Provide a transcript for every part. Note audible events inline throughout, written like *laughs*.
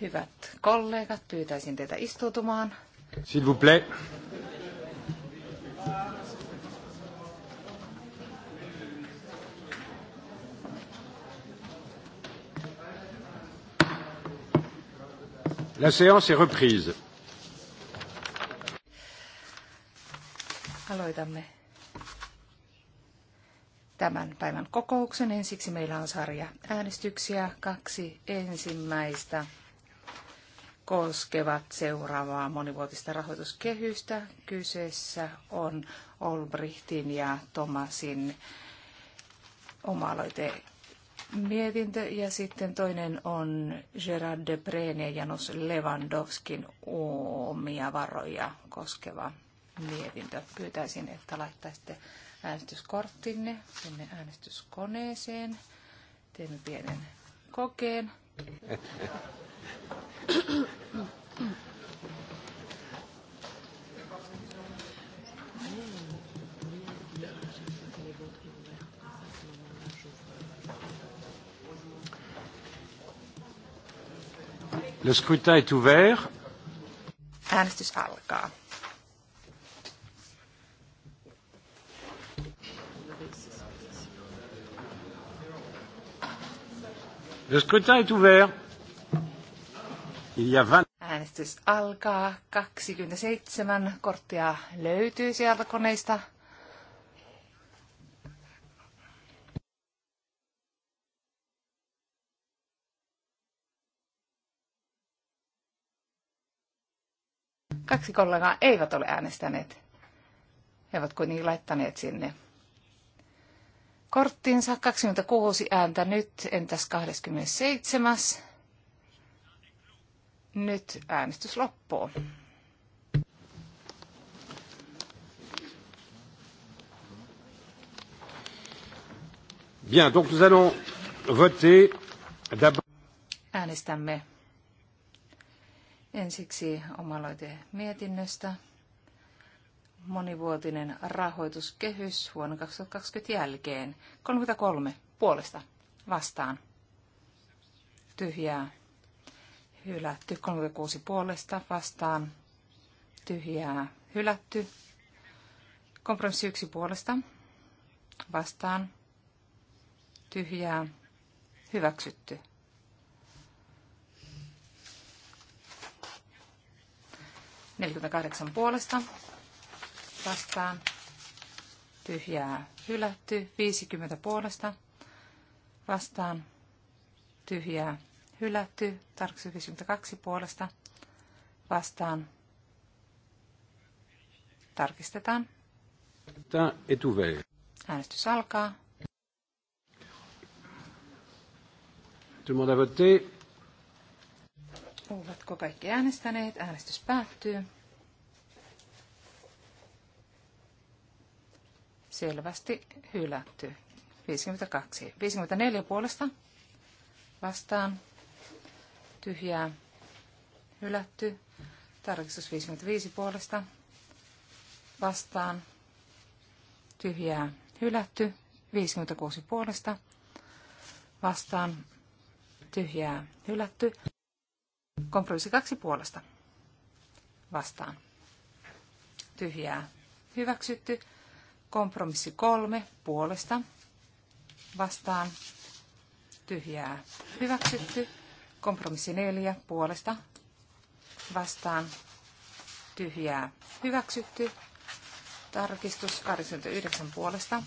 Hyvät kollegat, pyytäisin teitä istuutumaan. S'il vous plaît. La séance est reprise. Aloitamme tämän päivän kokouksen. Ensiksi meillä on sarja äänestyksiä. Kaksi ensimmäistä koskevat seuraavaa monivuotista rahoituskehystä. Kyseessä on Olbrichtin ja Tomasin oma mietintö ja sitten toinen on Gerard de Preen ja Janus Lewandowskin omia varoja koskeva mietintö. Pyytäisin, että laittaisitte äänestyskorttinne sinne äänestyskoneeseen. Teemme pienen kokeen. Le scrutin est ouvert. Äänestys alkaa. Le scrutin est ouvert. Il y a 20... Äänestys alkaa. 27 korttia löytyy sieltä koneista. Kaksi kollegaa eivät ole äänestäneet. He ovat kuitenkin laittaneet sinne korttinsa. 26 ääntä nyt, entäs 27. Nyt äänestys loppuu. Bien, donc nous allons voter d'abord. Äänestämme ensiksi omaloite mietinnöstä monivuotinen rahoituskehys vuonna 2020 jälkeen. 33 puolesta vastaan. Tyhjää. Hylätty. 36 puolesta vastaan. Tyhjää. Hylätty. Kompromissi 1 puolesta vastaan. Tyhjää. Hyväksytty. Neljäkymmentäkahdeksan puolesta vastaan, tyhjää hylätty. 50 puolesta vastaan, tyhjää hylätty. Tarkistus 52 puolesta vastaan, tarkistetaan. Äänestys alkaa. Tout le monde a voté. Ovatko kaikki äänestäneet? Äänestys päättyy. selvästi hylätty. 52. 54 puolesta vastaan tyhjää hylätty. Tarkistus 55 puolesta vastaan tyhjää hylätty. 56 puolesta vastaan tyhjää hylätty. Kompromissi 2 puolesta vastaan tyhjää hyväksytty. Kompromissi kolme puolesta vastaan tyhjää hyväksytty. Kompromissi neljä puolesta vastaan tyhjää hyväksytty. Tarkistus 89 puolesta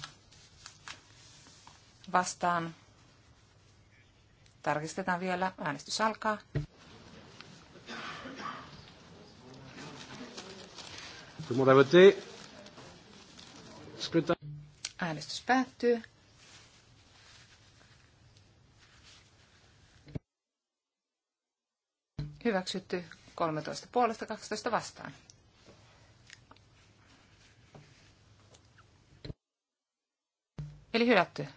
vastaan. Tarkistetaan vielä. Äänestys alkaa. Tout le monde a voté. Äänestys päättyy. Hyväksytty 13 puolesta 12 vastaan. Eli hylätty.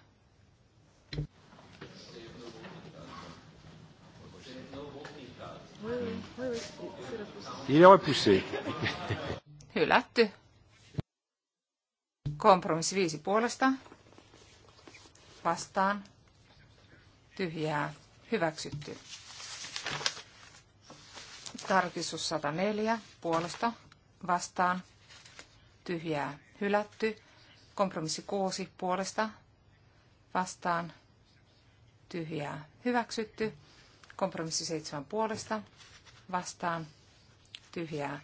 Il est repoussé. Hylätty. Kompromissi viisi puolesta. Vastaan. Tyhjää. Hyväksytty. Tarkistus 104 puolesta. Vastaan. Tyhjää. Hylätty. Kompromissi 6 puolesta. Vastaan. Tyhjää. Hyväksytty. Kompromissi 7 puolesta. Vastaan. Tyhjää.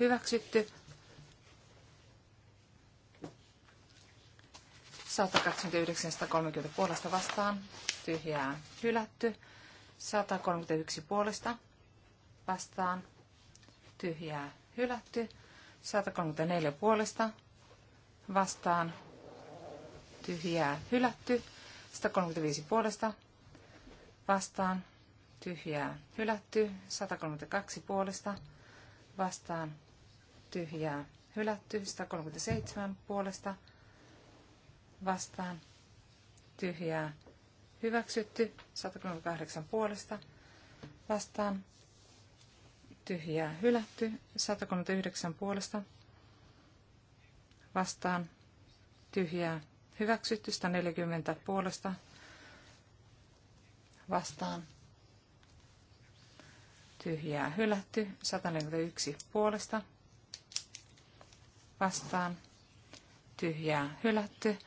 Hyväksytty. 129 puolesta vastaan, tyhjää hylätty. 131 puolesta vastaan, tyhjää hylätty. 134 puolesta vastaan, tyhjää hylätty. 135 puolesta vastaan, tyhjää hylätty. 132 puolesta vastaan, tyhjää hylätty. 137 puolesta vastaan, vastaan tyhjää hyväksytty. 138 puolesta vastaan tyhjää hylätty. 139 puolesta vastaan tyhjää hyväksytty. 140 puolesta vastaan tyhjää hylätty. 141 puolesta vastaan tyhjää hylätty.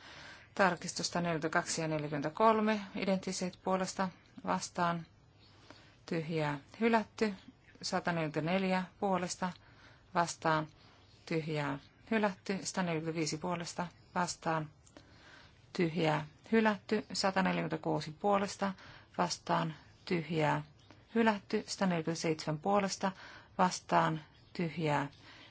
Tarkistusta 42 ja 43 identtiset puolesta vastaan. Tyhjää hylätty. 144 puolesta vastaan. Tyhjää hylätty. 145 puolesta vastaan. Tyhjää hylätty. 146 puolesta vastaan. Tyhjää hylätty. 147 puolesta vastaan. Tyhjää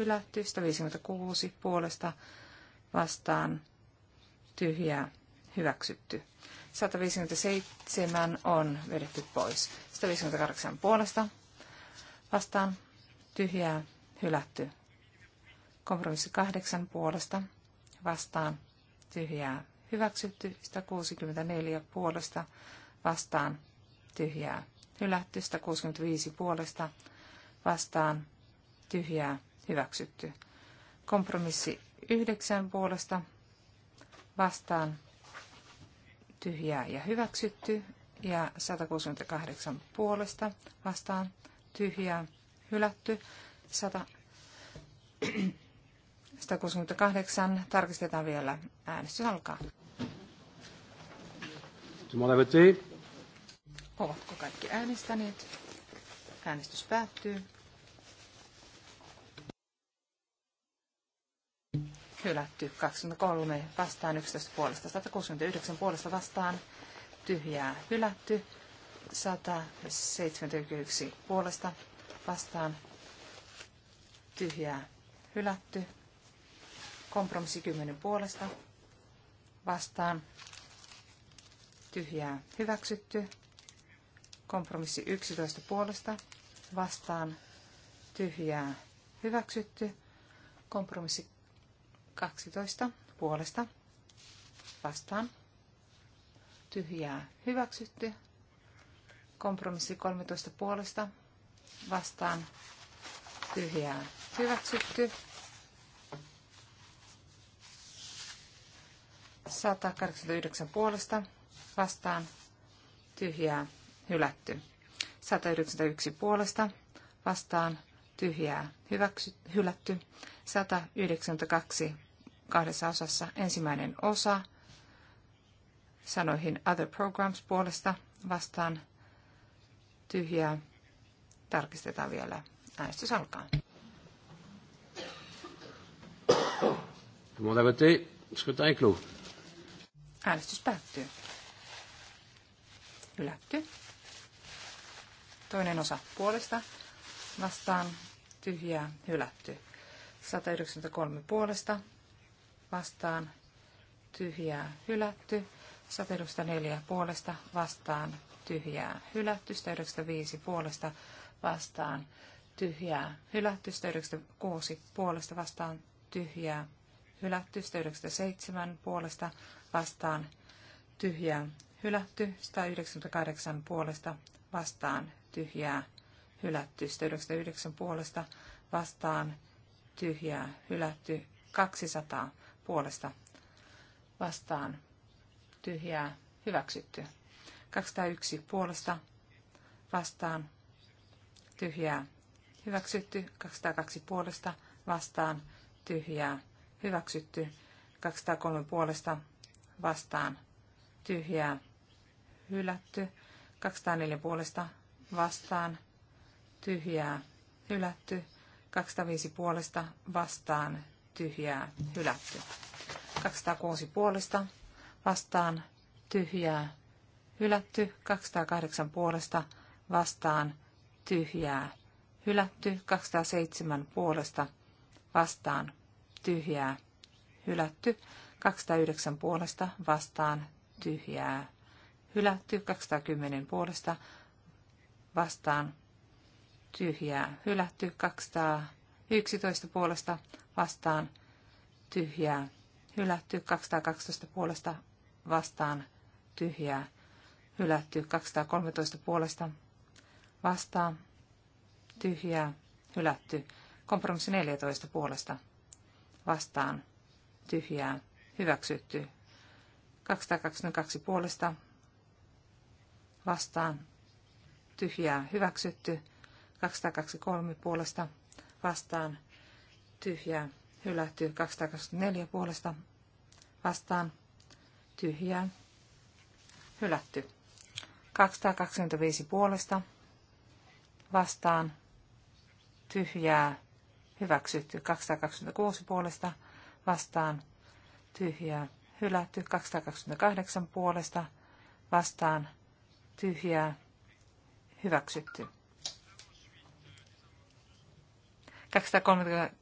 hylätty, 56 puolesta vastaan tyhjää hyväksytty. 157 on vedetty pois. 158 puolesta vastaan tyhjää hylätty. Kompromissi 8 puolesta vastaan tyhjää hyväksytty. 164 puolesta vastaan tyhjää hylätty. 165 puolesta vastaan tyhjää hyväksytty. Kompromissi yhdeksän puolesta vastaan tyhjää ja hyväksytty ja 168 puolesta vastaan tyhjää hylätty. 100, 168 *clears throat* tarkistetaan vielä. Äänestys alkaa. Ovatko kaikki äänestäneet? Äänestys päättyy. hylätty 23 vastaan 11 puolesta, 169 puolesta vastaan tyhjää hylätty, 171 puolesta vastaan tyhjää hylätty, kompromissi 10 puolesta vastaan tyhjää hyväksytty, kompromissi 11 puolesta vastaan tyhjää hyväksytty, kompromissi 12 puolesta vastaan. Tyhjää hyväksytty. Kompromissi 13 puolesta vastaan. Tyhjää hyväksytty. 189 puolesta vastaan. Tyhjää hylätty. 191 puolesta vastaan tyhjää hyväksy, hylätty, 192 kahdessa osassa. Ensimmäinen osa sanoihin Other Programs puolesta vastaan tyhjää. Tarkistetaan vielä. Äänestys alkaa. Äänestys päättyy. Hylätty. Toinen osa puolesta vastaan tyhjää hylätty. 193 puolesta vastaan tyhjää hylätty. 104 puolesta vastaan tyhjää hylätty. 95 puolesta vastaan tyhjää hylätty. 96 puolesta vastaan tyhjää hylätty. 97 puolesta vastaan tyhjää hylätty. 198 puolesta vastaan tyhjää hylätty. 199 puolesta vastaan tyhjää hylätty. 200 puolesta vastaan tyhjää hyväksytty. 201 puolesta vastaan tyhjää hyväksytty. 202 puolesta vastaan tyhjää hyväksytty. 203 puolesta vastaan tyhjää hylätty. 204 puolesta vastaan tyhjää hylätty. 205 puolesta vastaan tyhjää, hylätty. 206 puolesta vastaan tyhjää, hylätty. 208 puolesta vastaan tyhjää, hylätty. 207 puolesta vastaan tyhjää, hylätty. 209 puolesta vastaan tyhjää, hylätty. 210 puolesta vastaan tyhjää, hylätty. 211 puolesta vastaan tyhjää. Hylätty 212 puolesta vastaan tyhjää. Hylätty 213 puolesta vastaan tyhjää. Hylätty kompromissi 14 puolesta vastaan tyhjää. Hyväksytty 222 puolesta vastaan tyhjää. Hyväksytty 223 puolesta vastaan tyhjää, hylätty 224 puolesta vastaan, tyhjää, hylätty 225 puolesta vastaan, tyhjää, hyväksytty 226 puolesta vastaan, tyhjää, hylätty 228 puolesta vastaan, tyhjää, hyväksytty. 230,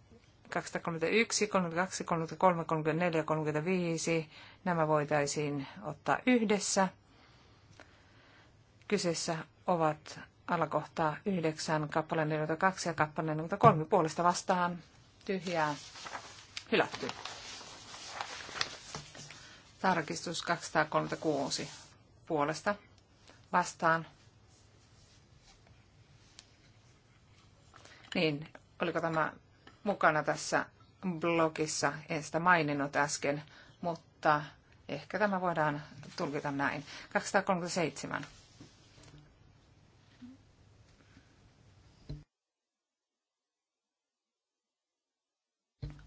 231, 32, 33, 34 ja 35. Nämä voitaisiin ottaa yhdessä. Kyseessä ovat alakohtaa 9, kappale 42 ja kappale 43 puolesta vastaan. Tyhjää hylätty. Tarkistus 236 puolesta vastaan. Niin, oliko tämä mukana tässä blogissa. En sitä maininnut äsken, mutta ehkä tämä voidaan tulkita näin. 237.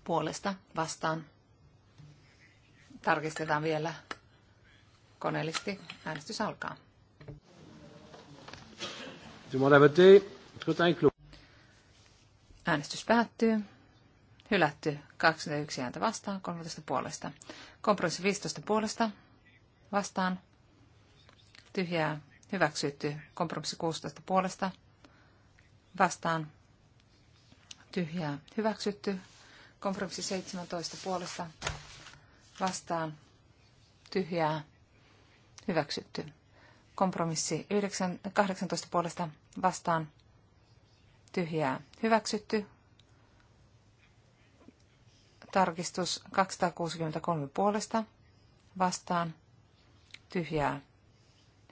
Puolesta vastaan. Tarkistetaan vielä koneellisesti. Äänestys alkaa. Demande à voter. Äänestys päättyy. Hylätty 21 ääntä vastaan, 13 puolesta. Kompromissi 15 puolesta vastaan. Tyhjää hyväksytty. Kompromissi 16 puolesta vastaan. Tyhjää hyväksytty. Kompromissi 17 puolesta vastaan. Tyhjää hyväksytty. Kompromissi 18 puolesta vastaan tyhjää hyväksytty. Tarkistus 263 puolesta vastaan tyhjää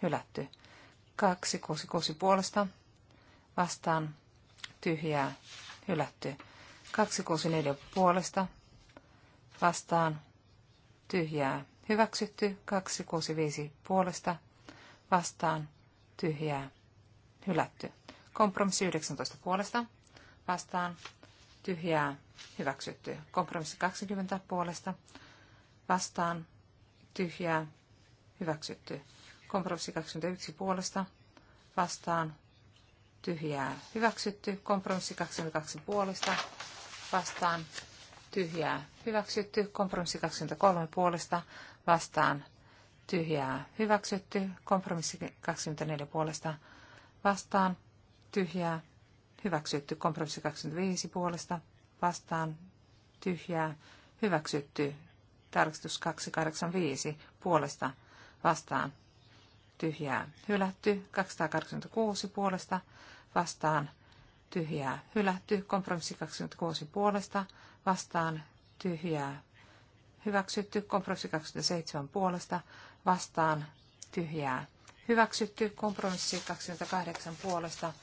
hylätty. 266 puolesta vastaan tyhjää hylätty. 264 puolesta vastaan tyhjää hyväksytty. 265 puolesta vastaan tyhjää hylätty. Kompromissi 19 puolesta vastaan tyhjää hyväksytty. Kompromissi 20 puolesta vastaan tyhjää hyväksytty. Kompromissi 21 puolesta vastaan tyhjää hyväksytty. Kompromissi 22 puolesta vastaan tyhjää hyväksytty. Kompromissi 23 puolesta vastaan tyhjää hyväksytty. Kompromissi 24 puolesta vastaan tyhjää, hyväksytty. Kompromissi 25 puolesta vastaan, tyhjää, hyväksytty. Tarkistus 285 puolesta vastaan, tyhjää, hylätty. 286 puolesta vastaan, tyhjää, hylätty. Kompromissi 26 puolesta vastaan, tyhjää, hyväksytty. Kompromissi 27 puolesta vastaan, tyhjää, Hyväksytty kompromissi 28 puolesta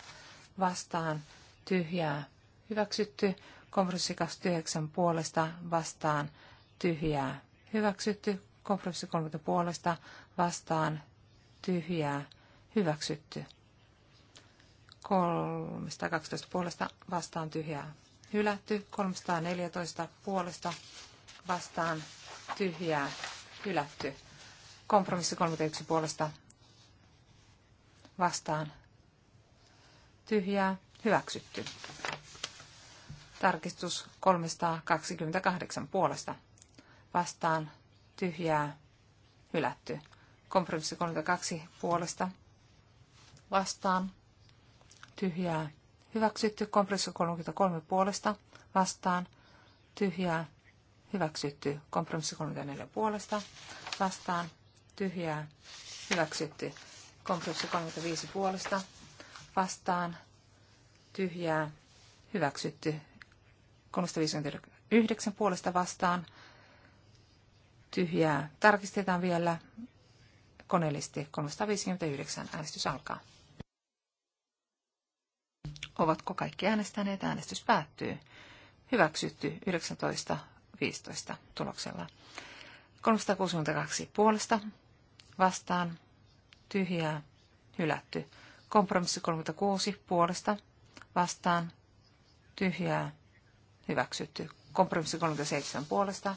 vastaan tyhjää. Hyväksytty kompromissi 29 puolesta vastaan tyhjää. Hyväksytty kompromissi 30 puolesta vastaan tyhjää. Hyväksytty. 312 puolesta vastaan tyhjää. Hylätty 314 puolesta vastaan tyhjää. Hylätty. Kompromissi 31 puolesta vastaan tyhjää hyväksytty. Tarkistus 328 puolesta vastaan tyhjää hylätty. Kompromissi 32 puolesta vastaan tyhjää hyväksytty. Kompromissi 33 puolesta vastaan tyhjää hyväksytty. Kompromissi 34 puolesta vastaan tyhjää hyväksytty. Konkurssi 35 puolesta vastaan tyhjää hyväksytty. 359 puolesta vastaan tyhjää. Tarkistetaan vielä koneellisesti 359 äänestys alkaa. Ovatko kaikki äänestäneet? Äänestys päättyy. Hyväksytty 19.15 tuloksella. 362 puolesta vastaan tyhjää, hylätty. Kompromissi 36 puolesta vastaan tyhjää, hyväksytty. Kompromissi 37 puolesta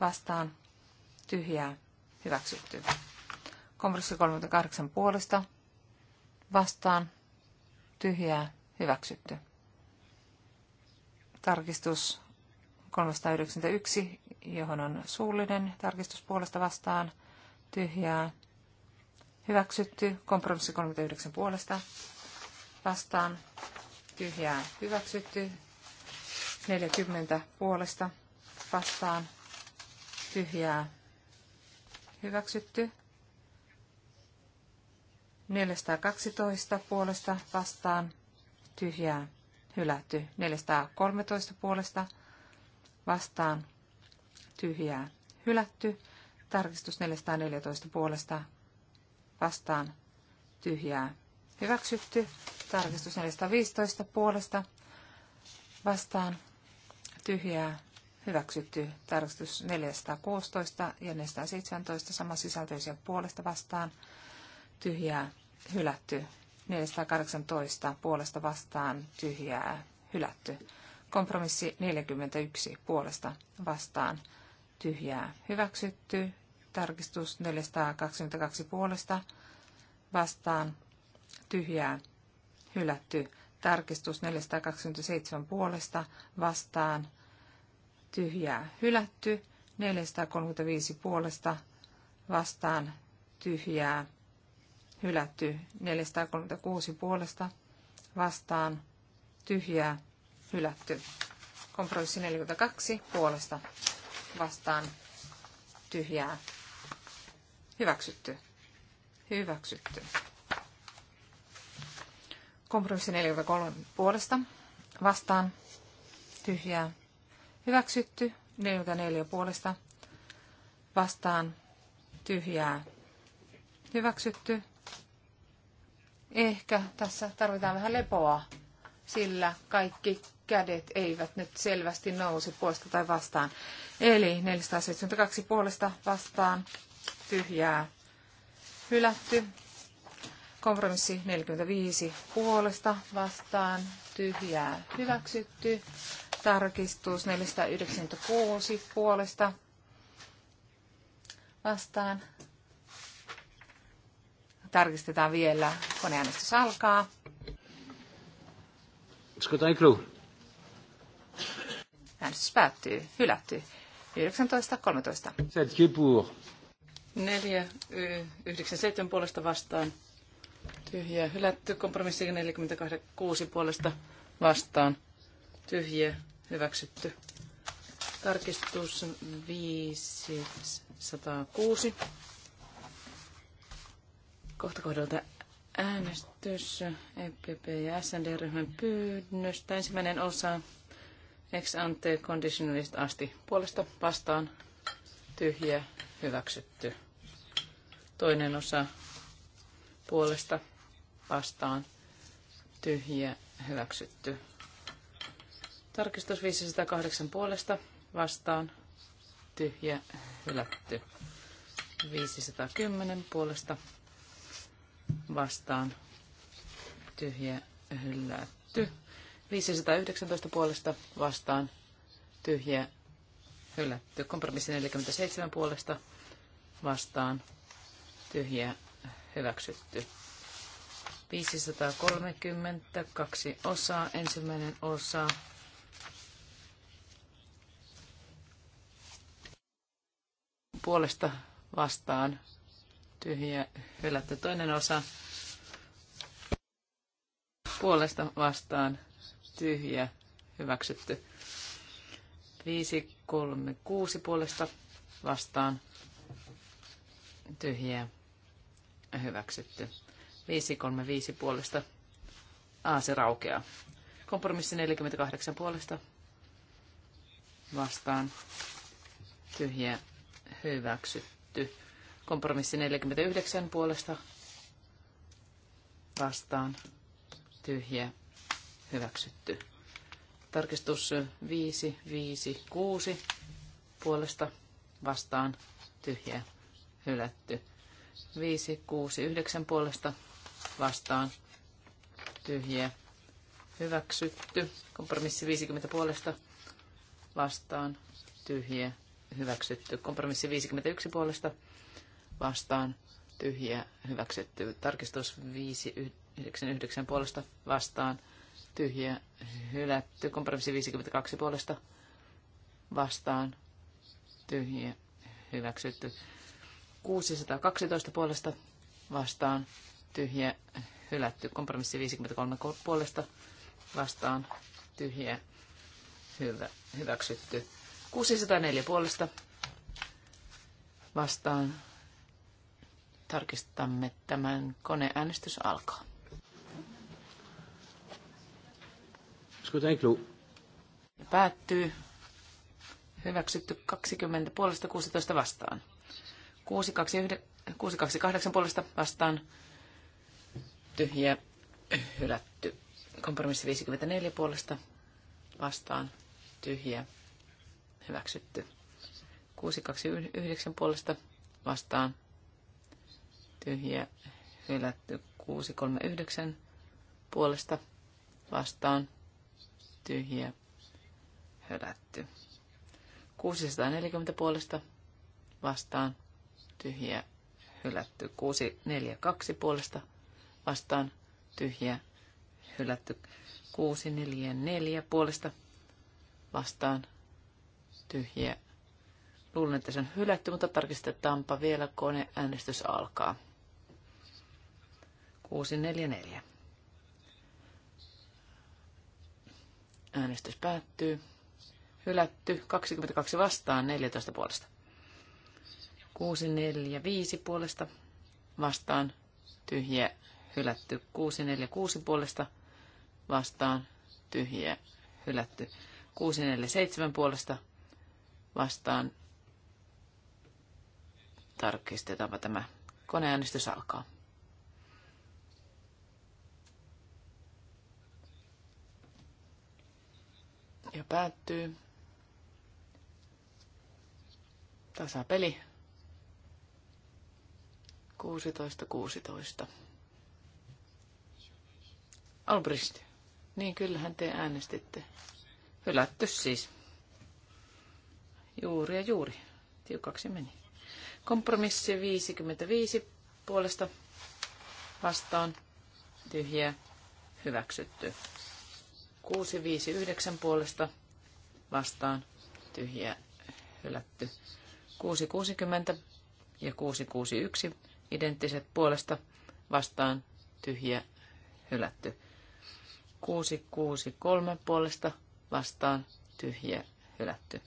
vastaan tyhjää, hyväksytty. Kompromissi 38 puolesta vastaan tyhjää, hyväksytty. Tarkistus 391, johon on suullinen tarkistus puolesta vastaan, tyhjää, Hyväksytty. Kompromissi 39 puolesta. Vastaan. Tyhjää. Hyväksytty. 40 puolesta. Vastaan. Tyhjää. Hyväksytty. 412 puolesta vastaan. Tyhjää. Hylätty. 413 puolesta vastaan. Tyhjää. Hylätty. Tarkistus 414 puolesta vastaan tyhjää hyväksytty. Tarkistus 415 puolesta vastaan tyhjää hyväksytty. Tarkistus 416 ja 417 samansisältöisiä puolesta vastaan tyhjää hylätty. 418 puolesta vastaan tyhjää hylätty. Kompromissi 41 puolesta vastaan tyhjää hyväksytty. Tarkistus 422 puolesta vastaan tyhjää hylätty. Tarkistus 427 puolesta vastaan tyhjää hylätty. 435 puolesta vastaan tyhjää hylätty. 436 puolesta vastaan tyhjää hylätty. Kompromissi 42 puolesta vastaan tyhjää Hyväksytty. Hyväksytty. Kompromissi 43 puolesta. Vastaan. Tyhjää. Hyväksytty. 44 puolesta. Vastaan. Tyhjää. Hyväksytty. Ehkä tässä tarvitaan vähän lepoa, sillä kaikki kädet eivät nyt selvästi nouse puolesta tai vastaan. Eli 472 puolesta vastaan tyhjää hylätty. Kompromissi 45 puolesta vastaan tyhjää hyväksytty. Tarkistus 496 puolesta vastaan. Tarkistetaan vielä. Koneäänestys alkaa. Äänestys päättyy. Hylätty. 19.13. 4, 9, 7 puolesta vastaan. Tyhjiä hylätty. Kompromissi 46 puolesta vastaan. Tyhjiä hyväksytty. Tarkistus 506. Kohta kohdalta äänestys EPP ja SND-ryhmän pyynnöstä. Ensimmäinen osa ex ante conditionalist asti puolesta vastaan tyhjä hyväksytty. Toinen osa puolesta vastaan tyhjiä hyväksytty. Tarkistus 508 puolesta vastaan tyhjä hylätty. 510 puolesta vastaan tyhjä hylätty. 519 puolesta vastaan tyhjä hylätty. Kompromissi 47 puolesta vastaan tyhjä hyväksytty. 530, kaksi osaa, ensimmäinen osa. Puolesta vastaan tyhjä hylätty toinen osa. Puolesta vastaan tyhjä hyväksytty. 5, 3, 6 puolesta vastaan tyhjää hyväksytty. 535 puolesta. A, se raukeaa. Kompromissi 48 puolesta. Vastaan. Tyhjä. Hyväksytty. Kompromissi 49 puolesta. Vastaan. Tyhjä. Hyväksytty. Tarkistus 556 puolesta. Vastaan. Tyhjä. Hylätty. 5, 6, 9 puolesta vastaan tyhjiä hyväksytty. Kompromissi 50 puolesta vastaan tyhjiä hyväksytty. Kompromissi 51 puolesta vastaan tyhjiä hyväksytty. Tarkistus 5, 9, 9 puolesta vastaan tyhjiä hylätty. Kompromissi 52 puolesta vastaan tyhjiä hyväksytty. 612 puolesta vastaan tyhjä hylätty. Kompromissi 53 puolesta vastaan tyhjä hyvä, hyväksytty. 604 puolesta vastaan tarkistamme tämän koneäänestys alkaa. Ja päättyy. Hyväksytty 20 puolesta 16 vastaan. 628 puolesta vastaan tyhjä hylätty. Kompromissi 54 puolesta vastaan tyhjä hyväksytty. 629 puolesta vastaan Tyhjä hylätty. 639 puolesta vastaan Tyhjä hylätty. 640 puolesta vastaan tyhjiä hylätty. 6, 4, 2 puolesta vastaan tyhjiä hylätty. 6, 4, 4 puolesta vastaan tyhjiä. Luulen, että se on hylätty, mutta tarkistetaanpa vielä kone. Äänestys alkaa. 644. Äänestys päättyy. Hylätty 22 vastaan 14 puolesta. 645 puolesta vastaan tyhjä hylätty. 646 puolesta vastaan tyhjä hylätty. 647 puolesta vastaan tarkistetaanpa tämä koneäänestys alkaa. Ja päättyy. Tasapeli. 16, 16. Albrist. Niin, kyllähän te äänestitte. Hylätty siis. Juuri ja juuri. Tiukaksi meni. Kompromissi 55 puolesta vastaan. Tyhjä. Hyväksytty. 659 puolesta vastaan. Tyhjä. Hylätty. 660 ja 661 identtiset puolesta vastaan tyhjä hylätty. 663 puolesta vastaan tyhjä hylätty.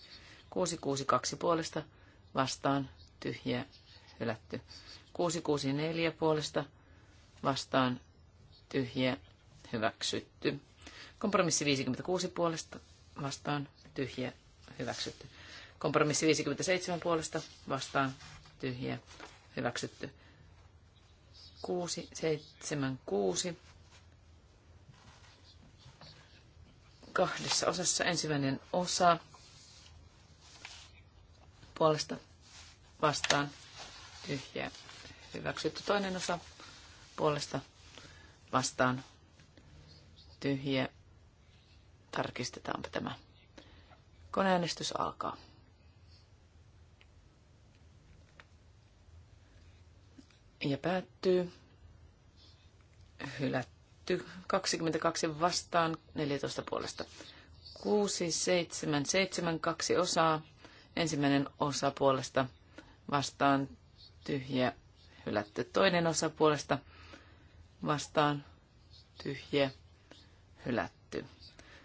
662 puolesta vastaan tyhjä hylätty. 664 puolesta vastaan tyhjä hyväksytty. Kompromissi 56 puolesta vastaan tyhjä hyväksytty. Kompromissi 57 puolesta vastaan tyhjä hyväksytty. 6, 7, 6. Kahdessa osassa ensimmäinen osa puolesta vastaan tyhjä Hyväksytty toinen osa puolesta vastaan tyhjä. Tarkistetaanpa tämä. Koneäänestys alkaa. ja päättyy. Hylätty 22 vastaan 14 puolesta. 6, 7, 7, 2 osaa. Ensimmäinen osa puolesta vastaan tyhjä hylätty. Toinen osa puolesta vastaan tyhjä hylätty.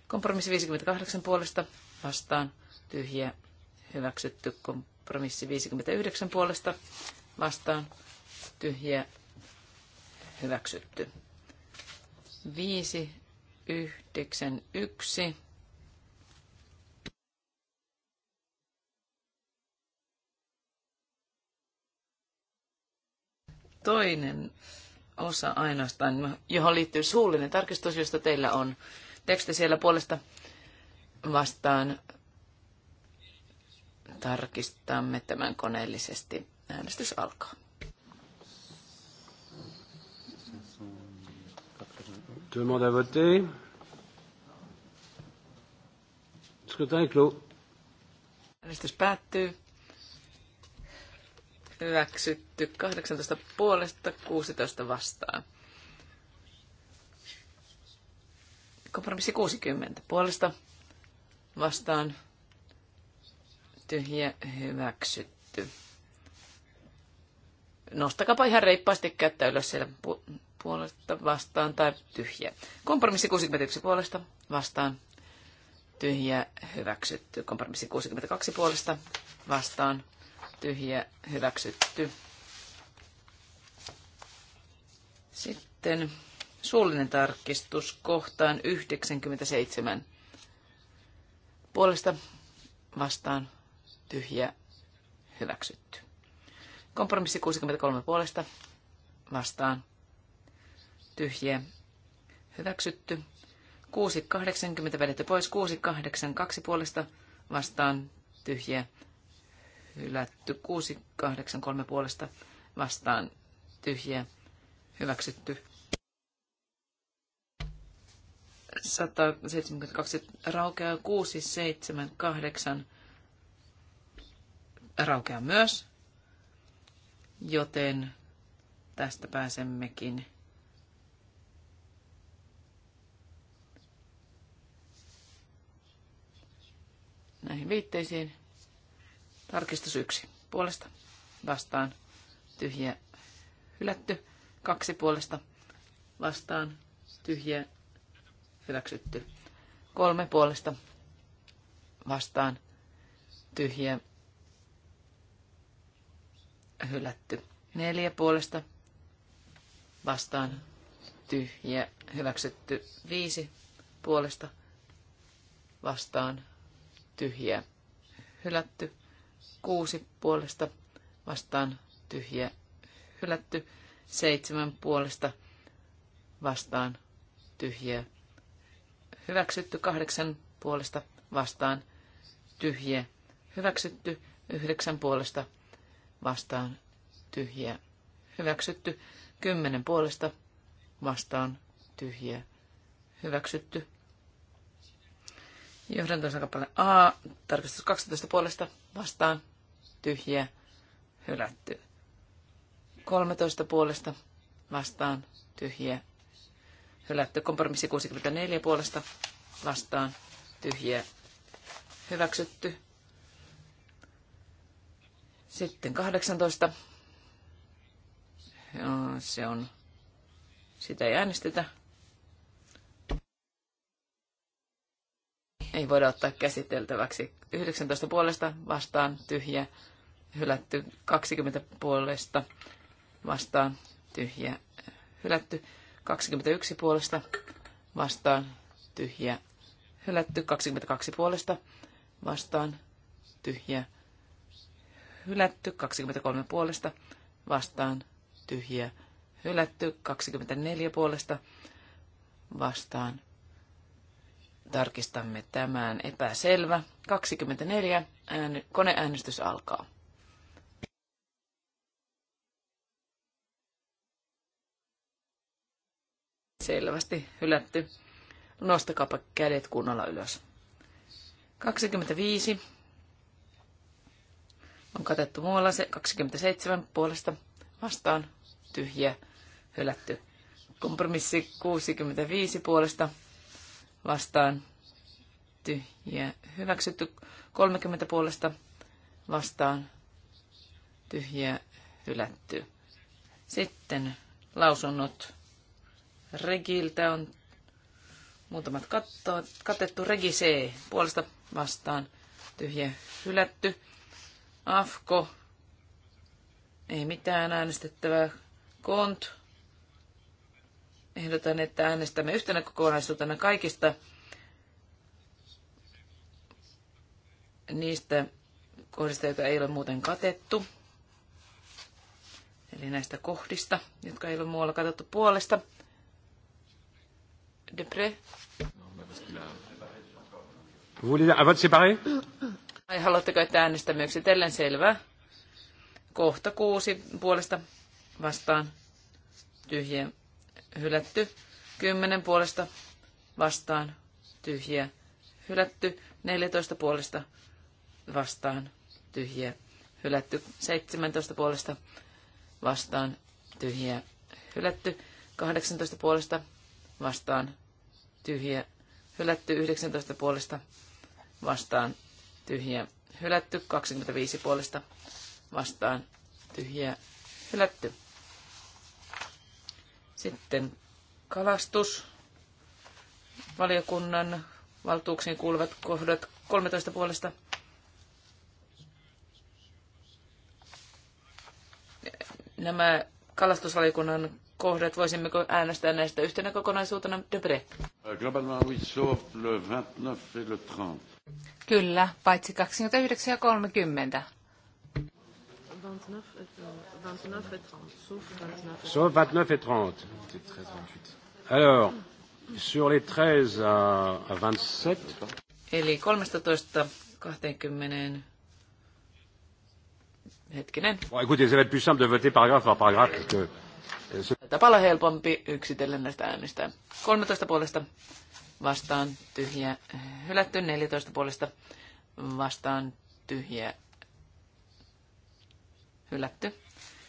Kompromissi 58 puolesta vastaan tyhjä hyväksytty. Kompromissi 59 puolesta vastaan tyhjä hyväksytty. 5, 9, 1. Toinen osa ainoastaan, johon liittyy suullinen tarkistus, josta teillä on teksti siellä puolesta vastaan. Tarkistamme tämän koneellisesti. Äänestys alkaa. Tout le monde a voté. Le scrutin est clos. Äänestys päättyy. Hyväksytty 18 puolesta 16 vastaan. Kompromissi 60 puolesta vastaan tyhjä hyväksytty. Nostakapa ihan reippaasti kättä ylös siellä puolesta vastaan tai tyhjä. Kompromissi 61 puolesta vastaan tyhjä hyväksytty. Kompromissi 62 puolesta vastaan tyhjä hyväksytty. Sitten suullinen tarkistus kohtaan 97. Puolesta vastaan tyhjä hyväksytty. Kompromissi 63 puolesta vastaan tyhjiä hyväksytty. 6.80 vedetty pois, 6.82 puolesta vastaan tyhjiä hylätty, 6.83 puolesta vastaan tyhjiä hyväksytty. 172 raukeaa 6, 7, 8 raukeaa myös, joten tästä pääsemmekin näihin viitteisiin. Tarkistus yksi puolesta vastaan tyhjä hylätty. Kaksi puolesta vastaan tyhjä hyväksytty. Kolme puolesta vastaan tyhjä hylätty. Neljä puolesta vastaan tyhjä hyväksytty. Viisi puolesta vastaan tyhjä hylätty. Kuusi puolesta vastaan tyhjä hylätty. Seitsemän puolesta vastaan tyhjä hyväksytty. Kahdeksan puolesta vastaan tyhjä hyväksytty. Yhdeksän puolesta vastaan tyhjä hyväksytty. Kymmenen puolesta vastaan tyhjä hyväksytty. Johdantonsa kappale A, tarkastus 12 puolesta vastaan, tyhjiä, hylätty. 13 puolesta vastaan, tyhjiä, hylätty. Kompromissi 64 puolesta vastaan, tyhjiä, hyväksytty. Sitten 18. Se on, sitä ei äänestetä. ei voida ottaa käsiteltäväksi. 19 puolesta vastaan tyhjä, hylätty. 20 puolesta vastaan tyhjä, hylätty. 21 puolesta vastaan tyhjä, hylätty. 22 puolesta vastaan tyhjä, hylätty. 23 puolesta vastaan tyhjä, hylätty. 24 puolesta vastaan tyhjä tarkistamme tämän epäselvä. 24. Ääny, koneäänestys alkaa. Selvästi hylätty. Nostakaapa kädet kunnolla ylös. 25 on katettu muualla se 27 puolesta vastaan tyhjä hylätty. Kompromissi 65 puolesta vastaan tyhjiä hyväksytty. 30 puolesta vastaan tyhjiä hylätty. Sitten lausunnot Regiltä on muutamat katto, katettu. Regi C puolesta vastaan tyhjä hylätty. Afko ei mitään äänestettävää. Kont ehdotan, että äänestämme yhtenä kokonaisuutena kaikista niistä kohdista, joita ei ole muuten katettu. Eli näistä kohdista, jotka ei ole muualla katettu puolesta. Depre. voulez Ai, haluatteko, että äänestämme yksitellen? Selvä. Kohta kuusi puolesta vastaan. Tyhjä hylätty. kymmenen puolesta vastaan tyhjiä, hylätty. neljätoista puolesta vastaan tyhjiä, hylätty. Seitsemäntoista puolesta vastaan tyhjiä, hylätty. Kahdeksantoista puolesta vastaan tyhjiä, hylätty. Yhdeksäntoista puolesta vastaan tyhjiä, hylätty. 25 puolesta vastaan tyhjiä, hylätty. Sitten kalastus. Valiokunnan valtuuksiin kuuluvat kohdat 13 puolesta. Nämä kalastusvaliokunnan kohdat, voisimmeko äänestää näistä yhtenä kokonaisuutena? Debre. Kyllä, paitsi 29 ja 30. 29 et 30. Euh, 29 et 30. Sauf 29 et 30. Sauf 29 Alors, sur les 13 à, 27. Eli 13 20 hetkinen. Bon, écoutez, ça va être plus simple de voter paragraphe par paragraphe que... Euh, Tätä paljon helpompi yksitellen näistä äänistä. 13 puolesta vastaan tyhjä hylätty, 14 puolesta vastaan tyhjä hylätty.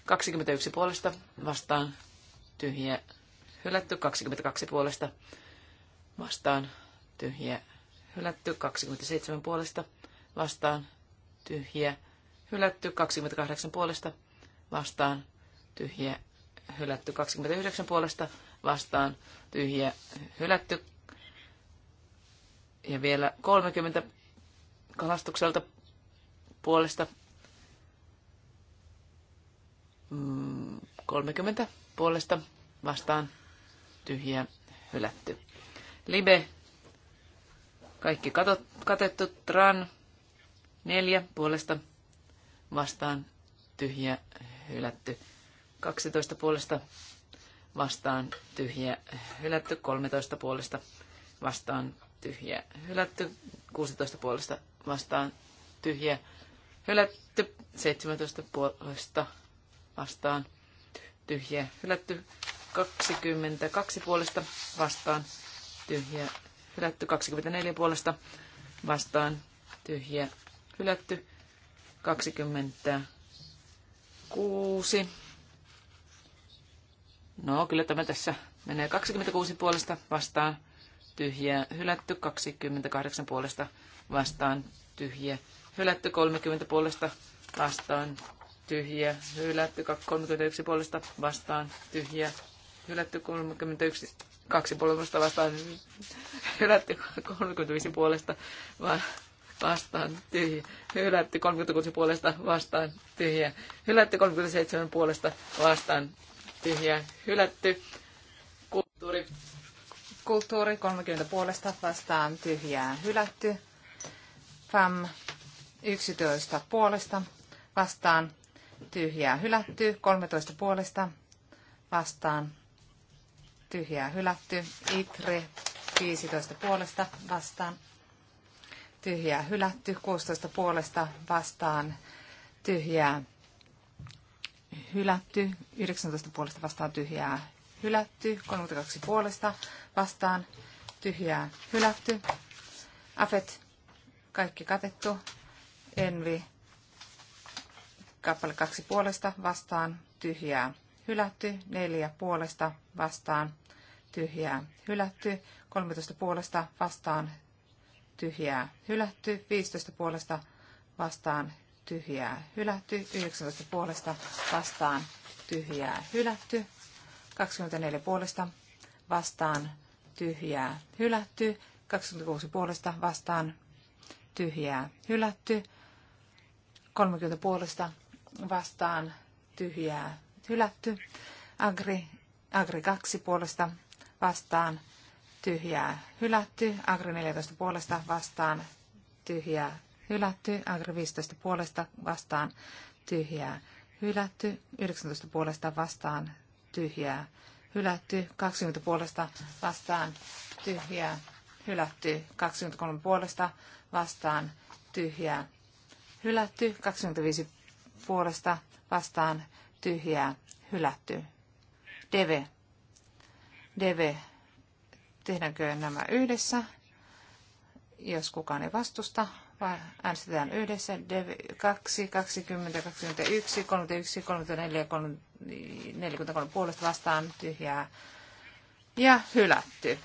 21 puolesta vastaan tyhjiä hylätty. 22 puolesta vastaan tyhjiä hylätty. 27 puolesta vastaan tyhjiä hylätty. 28 puolesta vastaan tyhjiä hylätty. 29 puolesta vastaan tyhjiä hylätty. Ja vielä 30 kalastukselta puolesta 30 mm, puolesta vastaan tyhjä hylätty. Libe, kaikki katot, katettu. Tran, neljä puolesta vastaan tyhjä hylätty. 12 puolesta vastaan tyhjä hylätty. 13 puolesta vastaan tyhjä hylätty. 16 puolesta vastaan tyhjä hylätty. 17 puolesta vastaan tyhjä hylätty 22 puolesta vastaan tyhjä hylätty 24 puolesta vastaan tyhjä hylätty 26 No, kyllä tämä tässä menee 26 puolesta vastaan tyhjä hylätty, 28 puolesta vastaan tyhjä hylätty, 30 puolesta vastaan tyhjiä, hylätty 31 puolesta vastaan, tyhjiä, hylätty 31, kaksi puolesta vastaan, hylätty 35 puolesta vastaan, tyhjiä, hylätty 36 puolesta vastaan, tyhjiä, hylätty 37 puolesta vastaan, tyhjiä, hylätty kulttuuri. Kulttuuri 30 puolesta vastaan, tyhjää, hylätty. FAM 11 puolesta vastaan tyhjää hylätty, 13 puolesta vastaan, tyhjää hylätty, itre 15 puolesta vastaan, tyhjää hylätty, 16 puolesta vastaan, tyhjää hylätty, 19 puolesta vastaan tyhjää hylätty, 32 puolesta vastaan tyhjää hylätty, afet kaikki katettu, envi kappale kaksi puolesta vastaan tyhjää hylätty, neljä puolesta vastaan tyhjää hylätty, 13 puolesta vastaan tyhjää hylätty, 15 puolesta vastaan tyhjää hylätty, 19 puolesta vastaan tyhjää hylätty, 24 puolesta vastaan tyhjää hylätty, 26 puolesta vastaan tyhjää hylätty, 30 puolesta vastaan tyhjää hylätty. Agri, agri 2 puolesta vastaan tyhjää hylätty. Agri 14 puolesta vastaan tyhjää hylätty. Agri 15 puolesta vastaan tyhjää hylätty. 19 puolesta vastaan tyhjää hylätty. 20 puolesta vastaan tyhjää hylätty. 23 puolesta vastaan tyhjää hylätty. 25 puolesta vastaan tyhjää hylätty. DV. DV. Tehdäänkö nämä yhdessä? Jos kukaan ei vastusta, vai äänestetään yhdessä. DV 2, 20, 21, 31, 34, 43 puolesta vastaan tyhjää ja hylätty.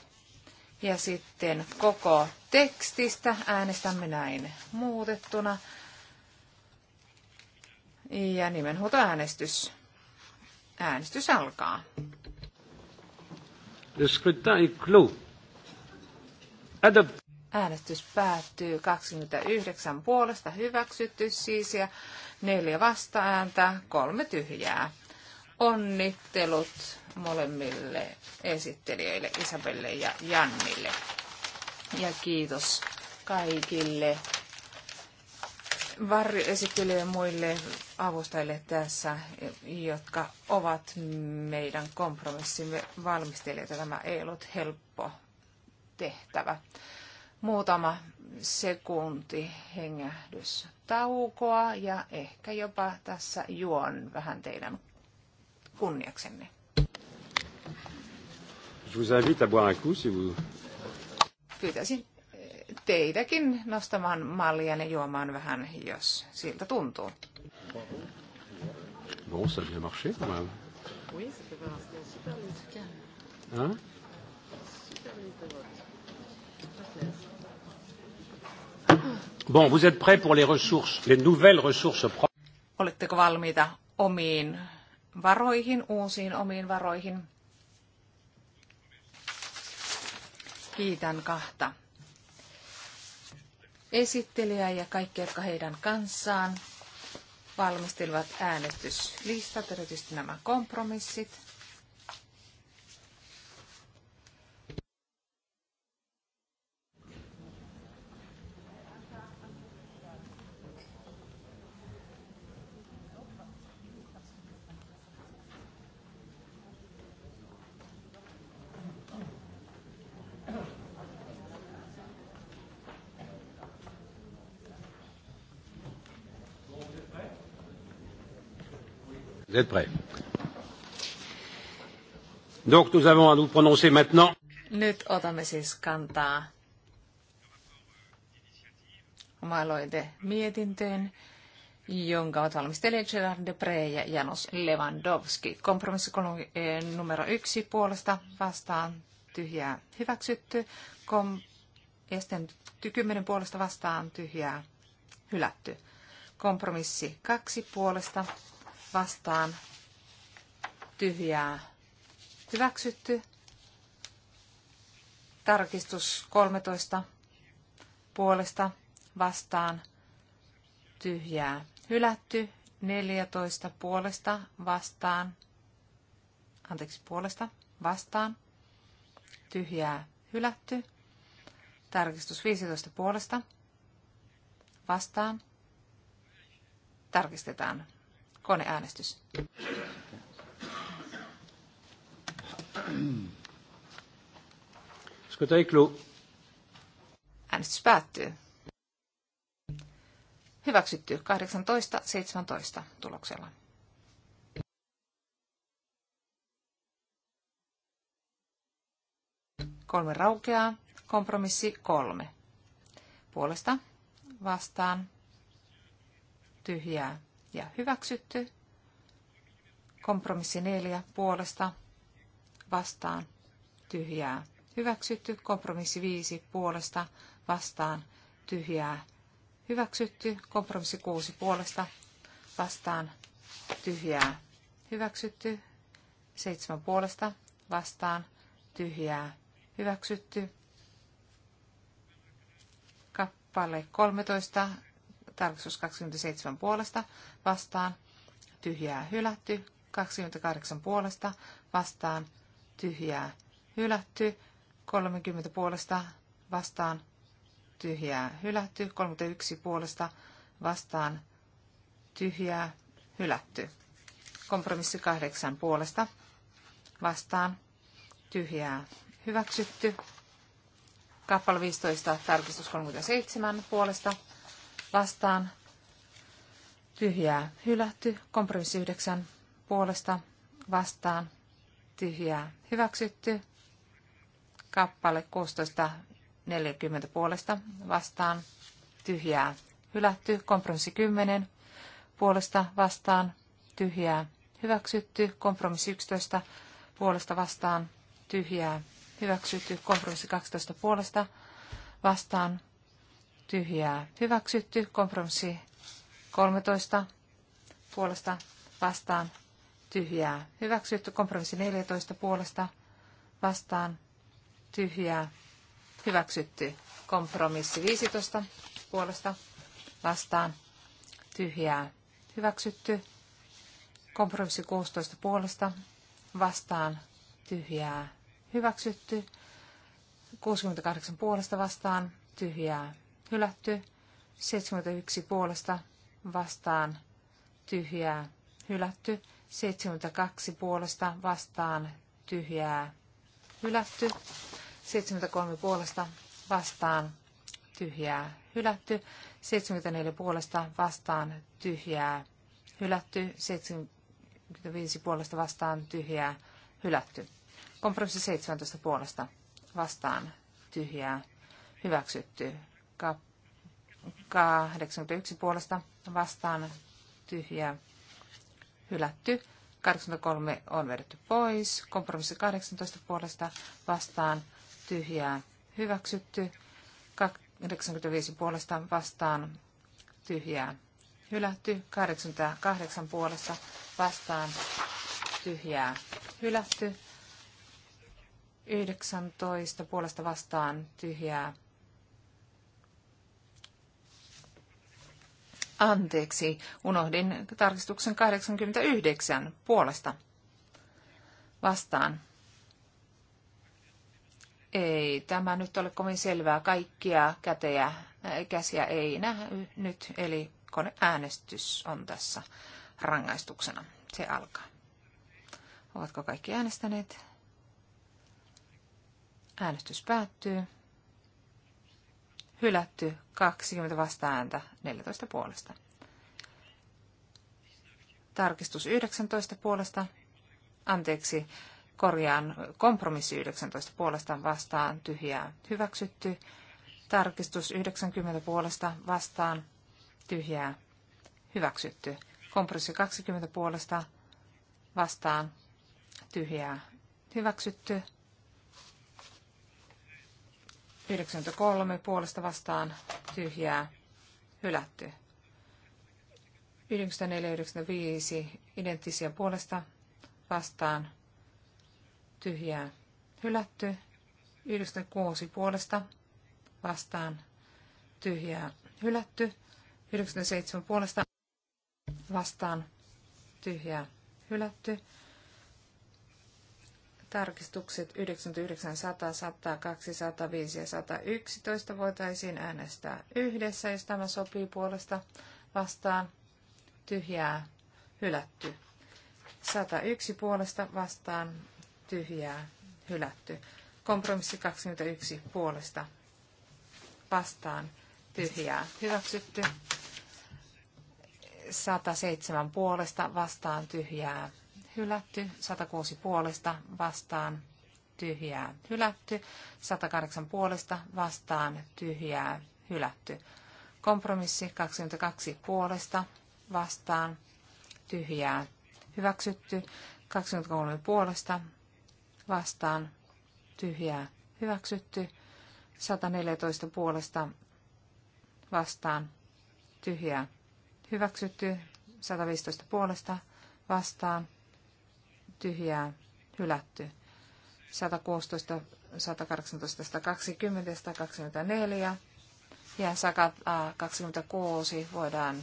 Ja sitten koko tekstistä äänestämme näin muutettuna. Ja nimenhuutoäänestys. Äänestys alkaa. Äänestys päättyy 29 puolesta hyväksytty siis ja neljä vasta-ääntä, kolme tyhjää. Onnittelut molemmille esittelijöille, Isabelle ja Jannille. Ja kiitos kaikille varjoesittelyjen muille avustajille tässä, jotka ovat meidän kompromissimme valmistelijoita. Tämä ei ollut helppo tehtävä. Muutama sekunti hengähdystaukoa ja ehkä jopa tässä juon vähän teidän kunniaksenne. Je vous invite à boire un coup si vous... Pyytäisin teitäkin nostamaan mallia ja juomaan vähän, jos siltä tuntuu. Bon, ça bien marché quand même. Oui, ça Bon, vous êtes prêts pour les ressources, les nouvelles ressources propres Oletteko valmiita omiin varoihin, uusiin omiin varoihin? Kiitän kahta Esittelijä ja kaikki, jotka heidän kanssaan valmistelivat äänestyslistat, erityisesti nämä kompromissit. Vous êtes prêts. Donc nous avons à nous prononcer maintenant. Nyt otamme siis kantaa omaloite mietintöön, jonka ovat valmistelleet Gerard de Depre ja Janos Lewandowski. Kompromissi eh, numero yksi puolesta vastaan tyhjää hyväksytty. Kom- ja sitten kymmenen puolesta vastaan tyhjää hylätty. Kompromissi kaksi puolesta vastaan tyhjää hyväksytty. Tarkistus 13 puolesta vastaan tyhjää hylätty. 14 puolesta vastaan, anteeksi puolesta vastaan, tyhjää hylätty. Tarkistus 15 puolesta vastaan, tarkistetaan Koneäänestys. Äänestys päättyy. Hyväksytty 18-17 tuloksella. Kolme raukeaa. Kompromissi kolme. Puolesta vastaan tyhjää ja hyväksytty. Kompromissi neljä puolesta vastaan tyhjää hyväksytty. Kompromissi viisi puolesta vastaan tyhjää hyväksytty. Kompromissi kuusi puolesta vastaan tyhjää hyväksytty. Seitsemän puolesta vastaan tyhjää hyväksytty. Kappale 13 Tarkistus 27 puolesta vastaan. Tyhjää hylätty. 28 puolesta vastaan. Tyhjää hylätty. 30 puolesta vastaan. Tyhjää hylätty. 31 puolesta vastaan. Tyhjää hylätty. Kompromissi 8 puolesta vastaan. Tyhjää hyväksytty. Kappale 15, tarkistus 37 puolesta vastaan tyhjää hylätty. Kompromissi 9 puolesta vastaan tyhjää hyväksytty. Kappale 16.40 puolesta vastaan tyhjää hylätty. Kompromissi 10 puolesta vastaan tyhjää hyväksytty. Kompromissi 11 puolesta vastaan tyhjää hyväksytty. Kompromissi 12 puolesta vastaan tyhjää hyväksytty. Kompromissi 13 puolesta vastaan tyhjää hyväksytty. Kompromissi 14 puolesta vastaan tyhjää hyväksytty. Kompromissi 15 puolesta vastaan tyhjää hyväksytty. Kompromissi 16 puolesta vastaan tyhjää hyväksytty. 68 puolesta vastaan tyhjää hylätty. 71 puolesta vastaan tyhjää hylätty. 72 puolesta vastaan tyhjää hylätty. 73 puolesta vastaan tyhjää hylätty. 74 puolesta vastaan tyhjää hylätty. 75 puolesta vastaan tyhjää hylätty. Kompromissi 17 puolesta vastaan tyhjää hyväksytty. 81 puolesta vastaan tyhjää hylätty. 83 on vedetty pois. Kompromissi 18 puolesta vastaan tyhjää hyväksytty. 85 puolesta vastaan tyhjää hylätty. 88 puolesta vastaan tyhjää hylätty. 19 puolesta vastaan tyhjää Anteeksi, unohdin tarkistuksen 89 puolesta. Vastaan. Ei, tämä nyt ole kovin selvää. Kaikkia kätejä, käsiä ei nähdä nyt, eli koneäänestys on tässä rangaistuksena. Se alkaa. Ovatko kaikki äänestäneet? Äänestys päättyy hylätty 20 vastaääntä 14 puolesta. Tarkistus 19 puolesta, anteeksi, korjaan kompromissi 19 puolesta vastaan tyhjää hyväksytty. Tarkistus 90 puolesta vastaan tyhjää hyväksytty. Kompromissi 20 puolesta vastaan tyhjää hyväksytty. 93 puolesta vastaan tyhjää hylätty. 94-95 identtisiä puolesta vastaan tyhjää hylätty. 96 puolesta vastaan tyhjää hylätty. 97 puolesta vastaan tyhjää hylätty. Tarkistukset 99, 100, 100, 205 ja 111 voitaisiin äänestää yhdessä, jos tämä sopii puolesta vastaan. Tyhjää, hylätty. 101 puolesta vastaan, tyhjää, hylätty. Kompromissi 21 puolesta vastaan, tyhjää, hyväksytty. 107 puolesta vastaan, tyhjää, hylätty, 106 puolesta vastaan tyhjää hylätty, 108 puolesta vastaan tyhjää hylätty. Kompromissi 22 puolesta vastaan tyhjää hyväksytty, 23 puolesta vastaan tyhjää hyväksytty, 114 puolesta vastaan tyhjää hyväksytty, 115 puolesta vastaan tyhjää hylätty. 116, 118, 120, 124 ja 126 voidaan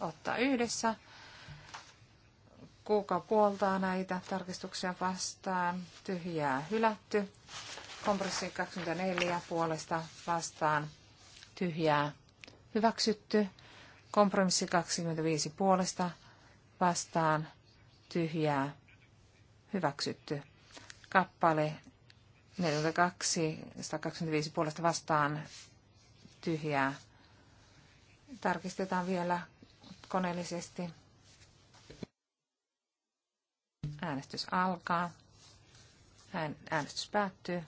ottaa yhdessä. Kuuka puoltaa näitä tarkistuksia vastaan. Tyhjää hylätty. Kompressi 24 puolesta vastaan. Tyhjää hyväksytty. Kompromissi 25 puolesta vastaan tyhjää hyväksytty. Kappale 42, 125 puolesta vastaan tyhjää. Tarkistetaan vielä koneellisesti. Äänestys alkaa. Äänestys päättyy.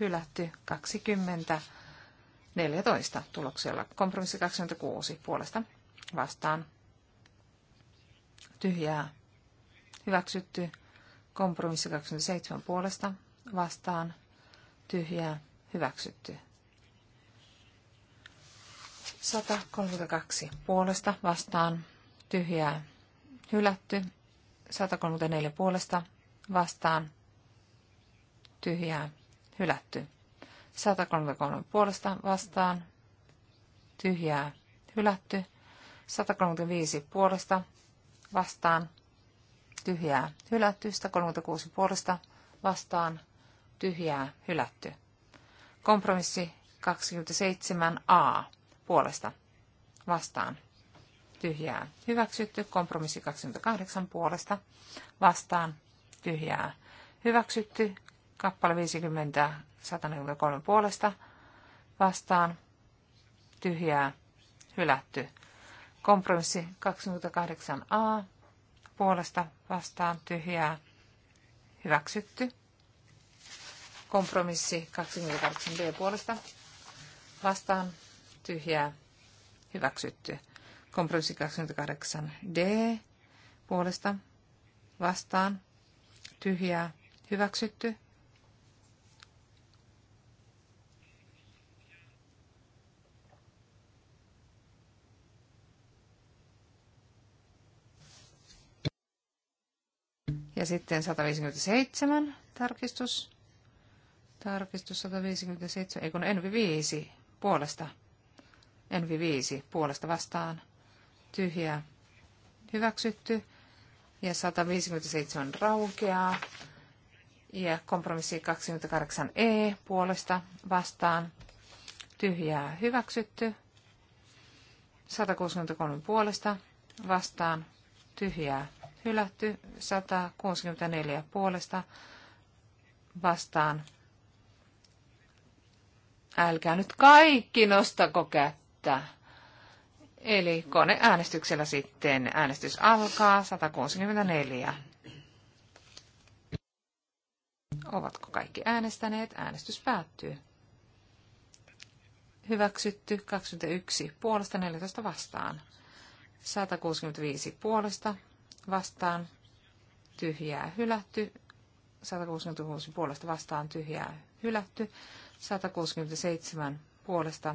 Hylätty 20. 14 tuloksella. Kompromissi 26 puolesta vastaan. Tyhjää Hyväksytty. Kompromissi 27 puolesta vastaan. Tyhjää. Hyväksytty. 132 puolesta vastaan. Tyhjää. Hylätty. 134 puolesta vastaan. Tyhjää. Hylätty. 133 puolesta vastaan. Tyhjää. Hylätty. 135 puolesta vastaan tyhjää hylätty, 136 puolesta vastaan tyhjää hylätty. Kompromissi 27a puolesta vastaan tyhjää hyväksytty, kompromissi 28 puolesta vastaan tyhjää hyväksytty, kappale 50 143 puolesta vastaan tyhjää hylätty. Kompromissi 28a puolesta vastaan tyhjää hyväksytty. Kompromissi 28b puolesta vastaan tyhjää hyväksytty. Kompromissi 28d puolesta vastaan tyhjää hyväksytty. Ja sitten 157 tarkistus. Tarkistus 157, ei kun Envi 5 puolesta. Envi 5 puolesta vastaan. Tyhjä. Hyväksytty. Ja 157 raukeaa. Ja kompromissi 28e puolesta vastaan. Tyhjää hyväksytty. 163 puolesta vastaan. Tyhjää hylätty 164 puolesta vastaan. Älkää nyt kaikki nostako kättä. Eli koneäänestyksellä sitten äänestys alkaa 164. Ovatko kaikki äänestäneet? Äänestys päättyy. Hyväksytty 21 puolesta 14 vastaan. 165 puolesta vastaan tyhjää hylätty. 166 puolesta vastaan tyhjää hylätty. 167 puolesta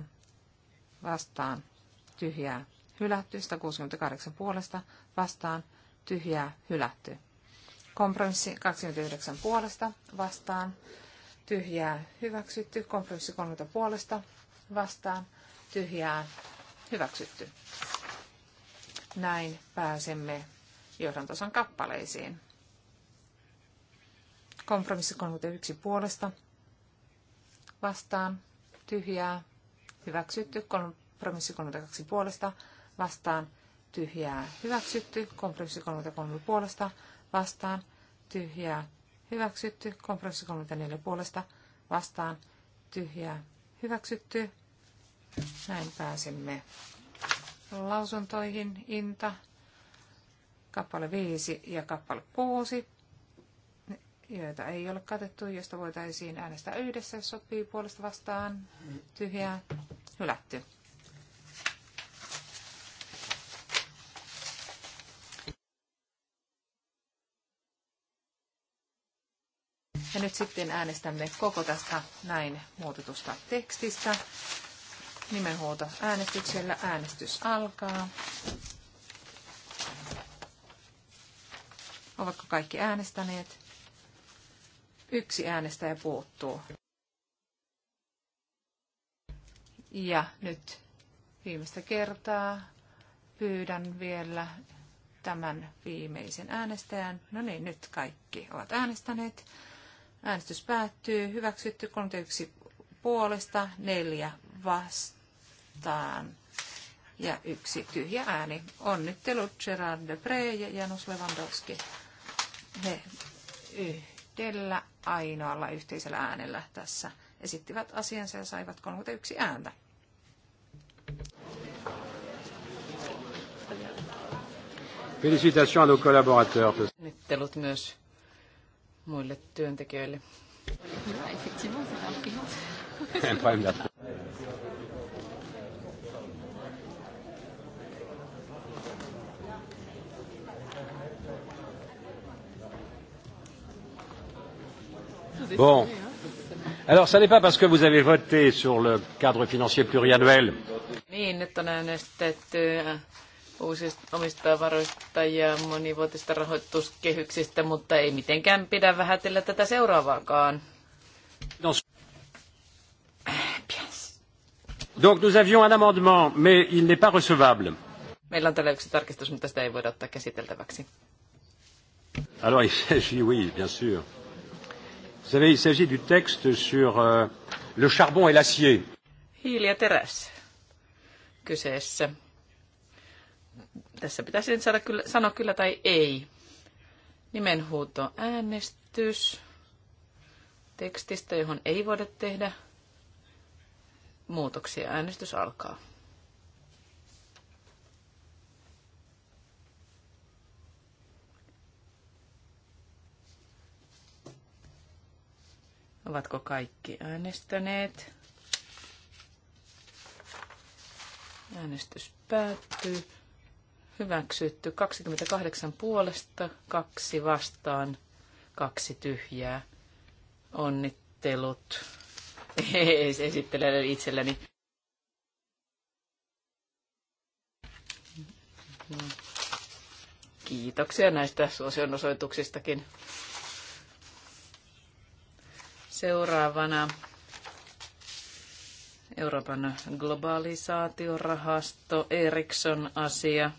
vastaan tyhjää hylätty. 168 puolesta vastaan tyhjää hylätty. Kompromissi 29 puolesta vastaan tyhjää hyväksytty. Kompromissi 30 puolesta vastaan tyhjää hyväksytty. Näin pääsemme johdantosan kappaleisiin. Kompromissi 31 puolesta vastaan tyhjää hyväksytty. Kompromissi 32 puolesta vastaan tyhjää hyväksytty. Kompromissi 33 puolesta vastaan tyhjää hyväksytty. Kompromissi 34 puolesta vastaan tyhjää hyväksytty. Näin pääsemme lausuntoihin. Inta kappale 5 ja kappale 6, joita ei ole katettu, josta voitaisiin äänestää yhdessä, jos sopii puolesta vastaan, tyhjää, hylätty. Ja nyt sitten äänestämme koko tästä näin muutetusta tekstistä. Nimenhuolto äänestyksellä äänestys alkaa. Ovatko kaikki äänestäneet? Yksi äänestäjä puuttuu. Ja nyt viimeistä kertaa pyydän vielä tämän viimeisen äänestäjän. No niin, nyt kaikki ovat äänestäneet. Äänestys päättyy. Hyväksytty 31 puolesta, neljä vastaan ja yksi tyhjä ääni. Onnittelut Gerard Depre ja Janus Lewandowski. He yhdellä ainoalla yhteisellä äänellä tässä esittivät asiansa ja saivat 31 ääntä. Félicitations aux collaborateurs. Onnittelut myös muille työntekijöille. Effectivement, c'est *laughs* Bon. Alors, ce n'est pas parce que vous avez voté sur le cadre financier pluriannuel. Niin, nyt on äänestetty äh, uusista omistajavaroista ja monivuotista rahoituskehyksistä, mutta ei mitenkään pidä vähätellä tätä seuraavaakaan. Donc nous avions un amendement, mais il n'est pas recevable. Meillä on tällä yksi tarkistus, mutta sitä ei voida ottaa käsiteltäväksi. Alors, il s'agit, oui, bien sûr. Vous savez, il s'agit du texte sur euh, le charbon et l'acier. Hiili ja teräs kyseessä. Tässä pitäisi nyt saada kyllä, sanoa kyllä tai ei. Nimenhuuto äänestys tekstistä, johon ei voida tehdä muutoksia. Äänestys alkaa. Ovatko kaikki äänestäneet? Äänestys päättyy. Hyväksytty 28 puolesta, kaksi vastaan, kaksi tyhjää. Onnittelut. *laughs* Esittelen se itselleni. Kiitoksia näistä suosionosoituksistakin. Seuraavana Euroopan globalisaatiorahasto, Ericsson asia.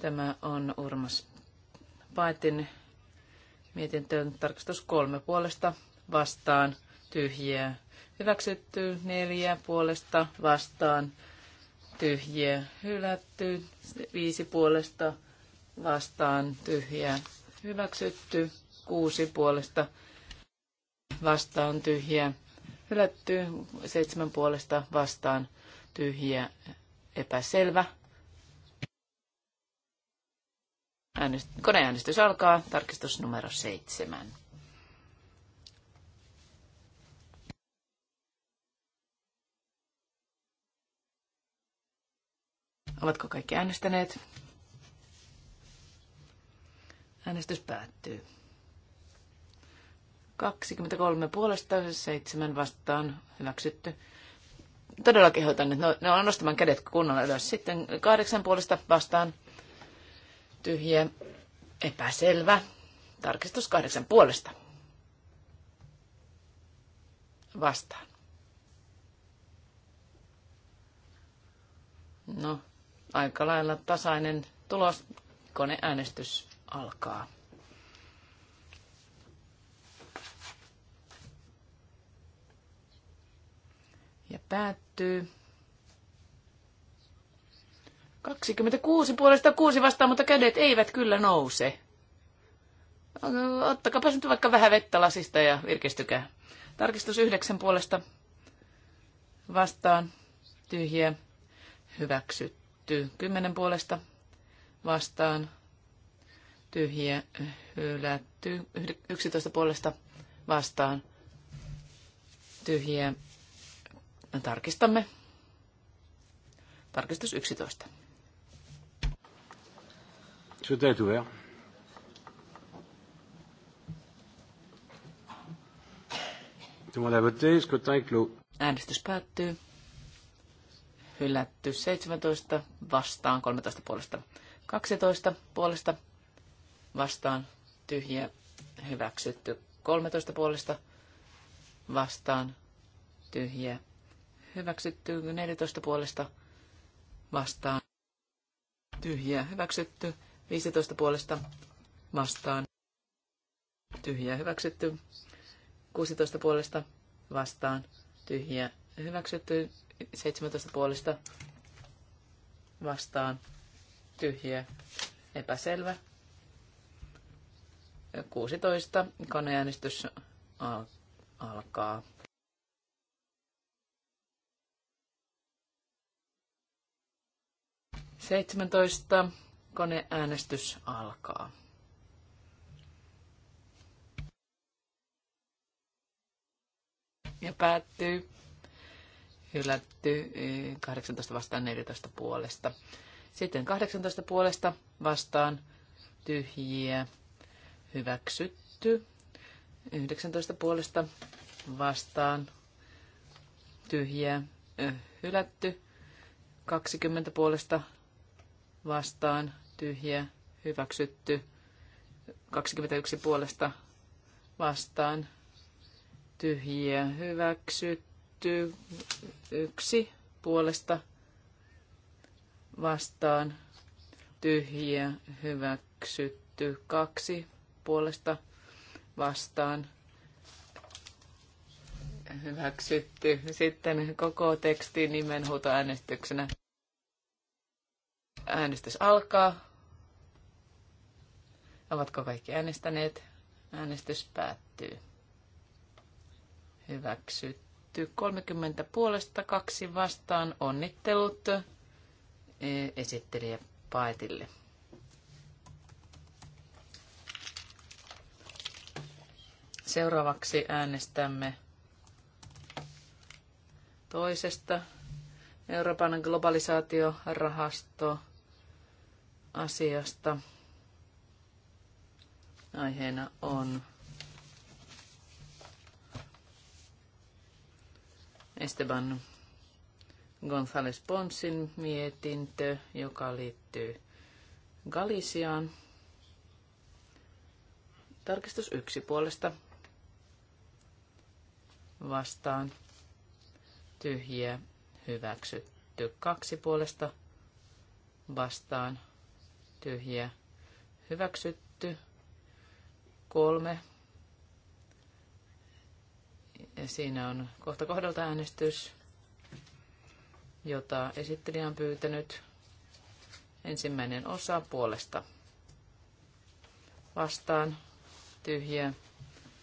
Tämä on Urmas Paetin mietintöön tarkastus kolme puolesta vastaan tyhjiä. Hyväksytty neljä puolesta vastaan tyhjiä. Hylätty viisi puolesta vastaan tyhjiä. Hyväksytty kuusi puolesta vastaan tyhjiä hylätty, seitsemän puolesta vastaan tyhjiä epäselvä. Äänest- koneäänestys alkaa, tarkistus numero seitsemän. Ovatko kaikki äänestäneet? Äänestys päättyy. 23 puolesta, 7 vastaan hyväksytty. Todella kehotan, että ne on nostamaan kädet kunnolla ylös. Sitten kahdeksan puolesta vastaan tyhjä, epäselvä. Tarkistus kahdeksan puolesta. Vastaan. No, aika lailla tasainen tulos. Koneäänestys alkaa. ja päättyy. 26 puolesta kuusi vastaan, mutta kädet eivät kyllä nouse. Ottakaa nyt vaikka vähän vettä lasista ja virkistykää. Tarkistus yhdeksän puolesta vastaan. Tyhjiä. Hyväksytty. Kymmenen puolesta vastaan. Tyhjiä. Hylätty. Yksitoista puolesta vastaan. Tyhjiä. Me tarkistamme. Tarkistus 11. Tout est ouvert. Tout le monde a voté, scrutin est clos. Äänestys päättyy. Hylätty 17, vastaan 13 puolesta. 12 puolesta, vastaan tyhjä, hyväksytty 13 puolesta, vastaan tyhjä, hyväksytty 14 puolesta vastaan. Tyhjää hyväksytty 15 puolesta vastaan. Tyhjää hyväksytty 16 puolesta vastaan. Tyhjää hyväksytty 17 puolesta vastaan. Tyhjää epäselvä. 16. Kanäänestys alkaa. 17. Koneäänestys alkaa. Ja päättyy. Hylätty 18 eh, vastaan 14 puolesta. Sitten 18 puolesta vastaan tyhjiä. Hyväksytty. 19 puolesta vastaan tyhjiä. Eh, hylätty. 20 puolesta vastaan tyhjä hyväksytty. 21 puolesta vastaan tyhjä hyväksytty. Yksi puolesta vastaan tyhjä hyväksytty. Kaksi puolesta vastaan hyväksytty. Sitten koko teksti nimenhuutoäänestyksenä. Äänestys alkaa. Ovatko kaikki äänestäneet? Äänestys päättyy. Hyväksytty. 30 puolesta, kaksi vastaan. Onnittelut e, esittelijä Paetille. Seuraavaksi äänestämme toisesta Euroopan globalisaatiorahasto asiasta. Aiheena on Esteban González Ponsin mietintö, joka liittyy Galisiaan. Tarkistus yksi puolesta vastaan tyhjiä hyväksytty kaksi puolesta vastaan tyhjiä hyväksytty. Kolme. Ja siinä on kohta kohdalta äänestys, jota esittelijä on pyytänyt. Ensimmäinen osa puolesta. Vastaan tyhjiä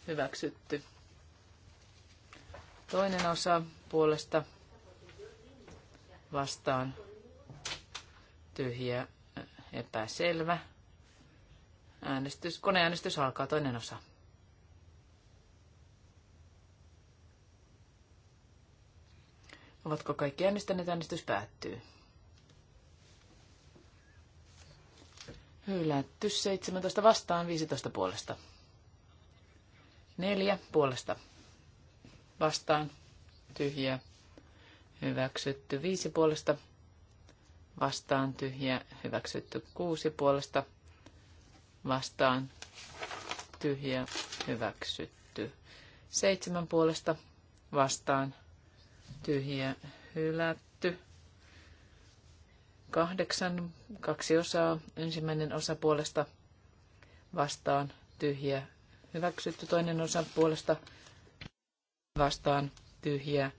hyväksytty. Toinen osa puolesta vastaan tyhjiä epäselvä. Äänestys, koneäänestys alkaa toinen osa. Ovatko kaikki äänestäneet? Äänestys päättyy. Hylätty 17 vastaan 15 puolesta. 4 puolesta. Vastaan tyhjä. Hyväksytty 5 puolesta vastaan tyhjä hyväksytty kuusi puolesta vastaan tyhjä hyväksytty seitsemän puolesta vastaan tyhjä hylätty kahdeksan kaksi osaa ensimmäinen osa puolesta vastaan tyhjä hyväksytty toinen osa puolesta vastaan tyhjä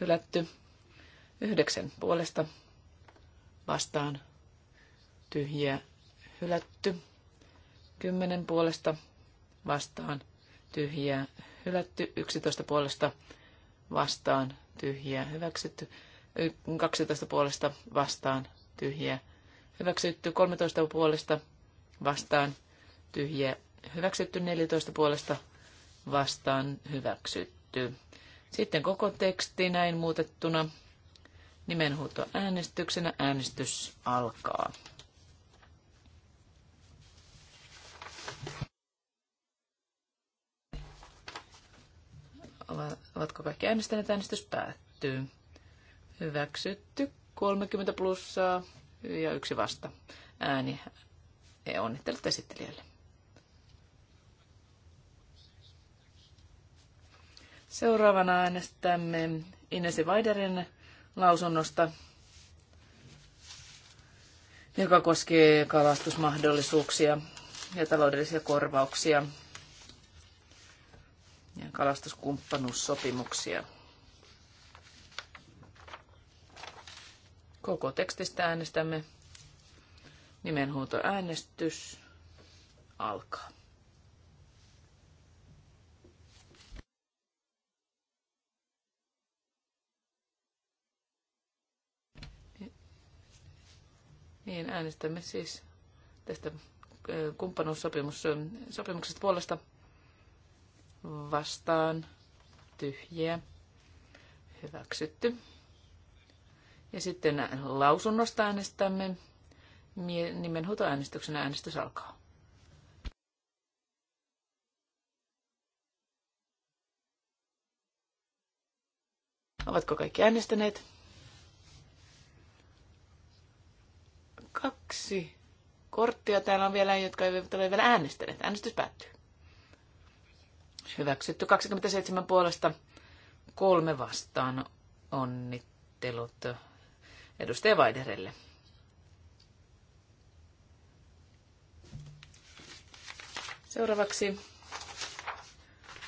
hylätty yhdeksän puolesta vastaan tyhjiä hylätty. kymmenen puolesta vastaan tyhjiä hylätty. Yksitoista puolesta vastaan tyhjiä hyväksytty. Kaksitoista puolesta vastaan tyhjiä hyväksytty. Kolmetoista puolesta vastaan tyhjiä hyväksytty. Neljätoista puolesta vastaan hyväksytty. Sitten koko teksti näin muutettuna Nimenhuuto äänestyksenä. Äänestys alkaa. Ovatko kaikki äänestäneet? Äänestys päättyy. Hyväksytty. 30 plussaa ja yksi vasta ääni. Ja e, onnittelut esittelijälle. Seuraavana äänestämme Inesi Vaiderin lausunnosta, joka koskee kalastusmahdollisuuksia ja taloudellisia korvauksia ja kalastuskumppanuussopimuksia. Koko tekstistä äänestämme. äänestys alkaa. Niin äänestämme siis tästä kumppanuussopimuksesta puolesta vastaan tyhjiä hyväksytty. Ja sitten lausunnosta äänestämme. Nimenhuutoäänestyksen äänestys alkaa. Ovatko kaikki äänestäneet? Kaksi korttia täällä on vielä, jotka eivät ole vielä äänestäneet. Äänestys päättyy. Hyväksytty 27 puolesta, kolme vastaan. Onnittelut edustaja Vaiderelle. Seuraavaksi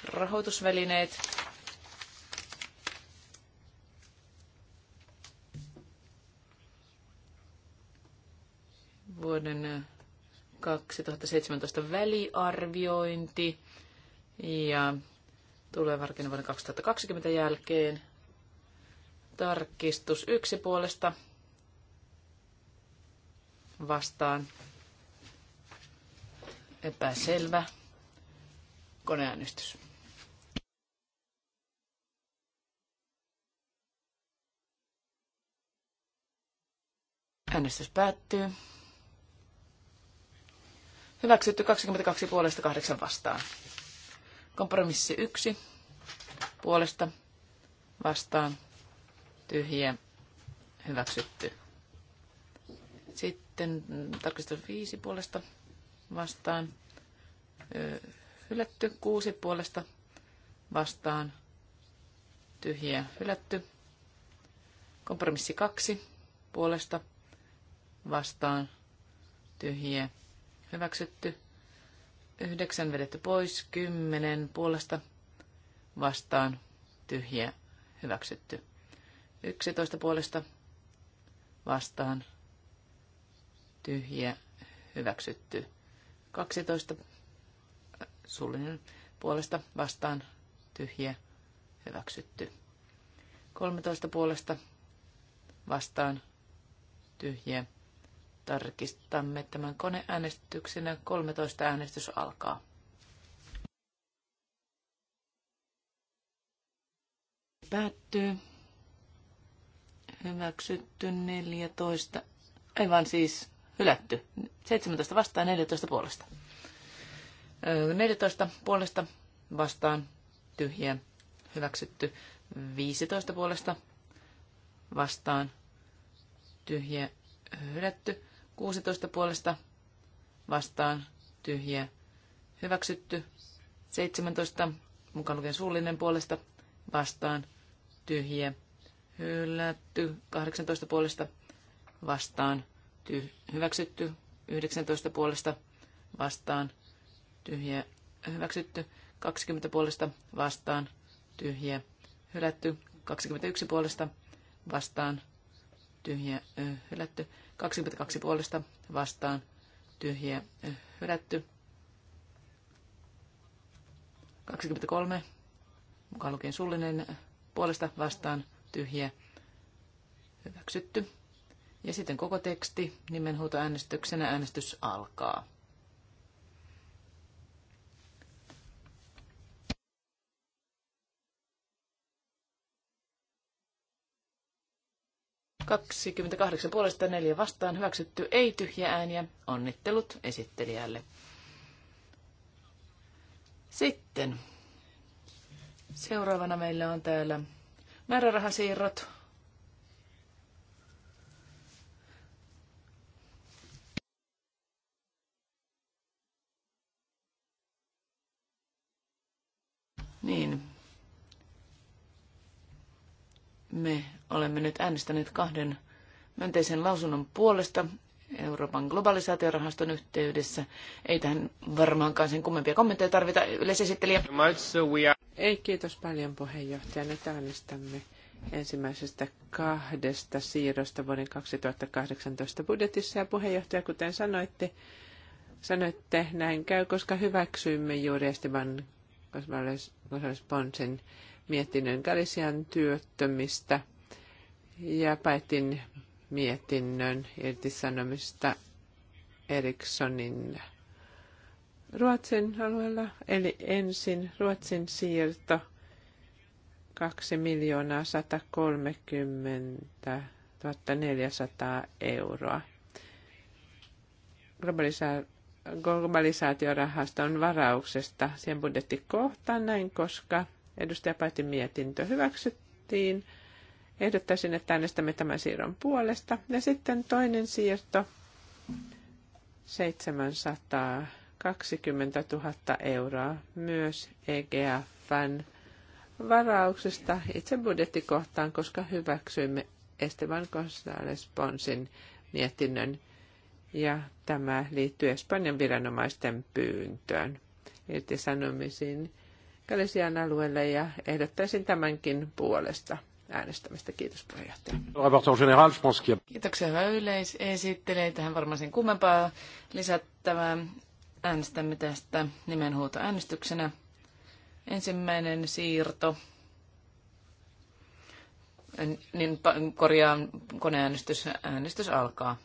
rahoitusvälineet. vuoden 2017 väliarviointi ja tulee varkin vuoden 2020 jälkeen. Tarkistus yksi puolesta vastaan. Epäselvä koneäänestys. Äänestys päättyy. Hyväksytty 22 puolesta 8 vastaan. Kompromissi 1 puolesta vastaan. Tyhjiä. Hyväksytty. Sitten tarkistus 5 puolesta vastaan. Hylätty 6 puolesta vastaan. Tyhjiä. Hylätty. Kompromissi 2 puolesta vastaan. Tyhjiä hyväksytty. 9 vedetty pois, 10 puolesta vastaan, tyhjä, hyväksytty. 11 puolesta vastaan, tyhjä, hyväksytty. 12 äh, suullinen puolesta vastaan, tyhjä, hyväksytty. 13 puolesta vastaan, tyhjä, Tarkistamme tämän koneäänestyksenä. 13 äänestys alkaa. Päättyy. Hyväksytty 14. Ei vaan siis hylätty. 17 vastaan 14 puolesta. 14 puolesta vastaan tyhjä. hyväksytty. 15 puolesta vastaan tyhjä hylätty. 16 puolesta vastaan tyhjiä hyväksytty. 17 mukaan lukien suullinen puolesta vastaan tyhjiä hylätty. 18 puolesta vastaan tyh- hyväksytty. 19 puolesta vastaan tyhjiä hyväksytty. 20 puolesta vastaan tyhjiä hylätty. 21 puolesta vastaan tyhjiä hylätty. 22 puolesta vastaan tyhjiä eh, hylätty. 23 mukaan lukien sullinen eh, puolesta vastaan tyhjiä hyväksytty. Ja sitten koko teksti nimenhuutoäänestyksenä äänestys alkaa. 28 puolesta 4 vastaan hyväksytty, ei tyhjä ääniä. Onnittelut esittelijälle. Sitten seuraavana meillä on täällä määrärahasiirrot. Niin. Me olemme nyt äänestäneet kahden myönteisen lausunnon puolesta Euroopan globalisaatiorahaston yhteydessä. Ei tähän varmaankaan sen kummempia kommentteja tarvita. Yleisesittelijä. Ei, kiitos paljon puheenjohtaja. Nyt äänestämme ensimmäisestä kahdesta siirrosta vuoden 2018 budjetissa. Ja puheenjohtaja, kuten sanoitte, sanoitte, näin käy, koska hyväksyimme juuri Esteban González Ponsin mietinnön Galician työttömistä – ja päätin mietinnön irtisanomista Erikssonin Ruotsin alueella, eli ensin Ruotsin siirto 2 miljoonaa 130 400 euroa. Globalisa- globalisaatiorahaston varauksesta sen budjettikohtaan näin, koska edustaja päätin mietintö hyväksyttiin – Ehdottaisin, että äänestämme tämän siirron puolesta. Ja sitten toinen siirto, 720 000 euroa, myös EGFn varauksesta itse budjettikohtaan, koska hyväksyimme Esteban González Ponsin mietinnön ja tämä liittyy Espanjan viranomaisten pyyntöön irtisanomisiin Kalesian alueelle ja ehdottaisin tämänkin puolesta äänestämistä. Kiitos puheenjohtaja. Kiitoksia hyvä yleisesittelee. Tähän varmaan sen kummempaa lisättävää. Äänestämme tästä nimenhuuto äänestyksenä. Ensimmäinen siirto. Niin korjaan koneäänestys. Äänestys alkaa.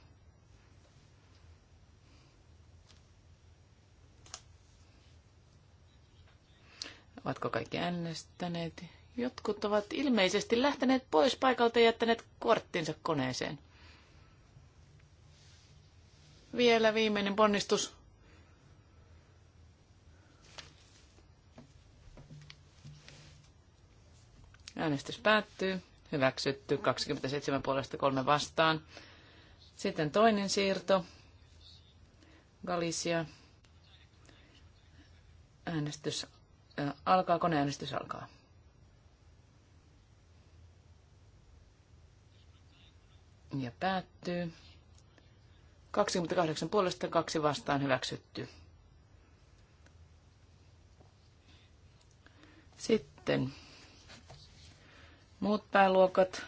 Ovatko kaikki äänestäneet? Jotkut ovat ilmeisesti lähteneet pois paikalta ja jättäneet korttinsa koneeseen. Vielä viimeinen ponnistus. Äänestys päättyy. Hyväksytty 27 puolesta 3 vastaan. Sitten toinen siirto. Galicia. Äänestys alkaa, koneäänestys alkaa. ja päättyy. 28 puolesta kaksi vastaan hyväksytty. Sitten muut pääluokat.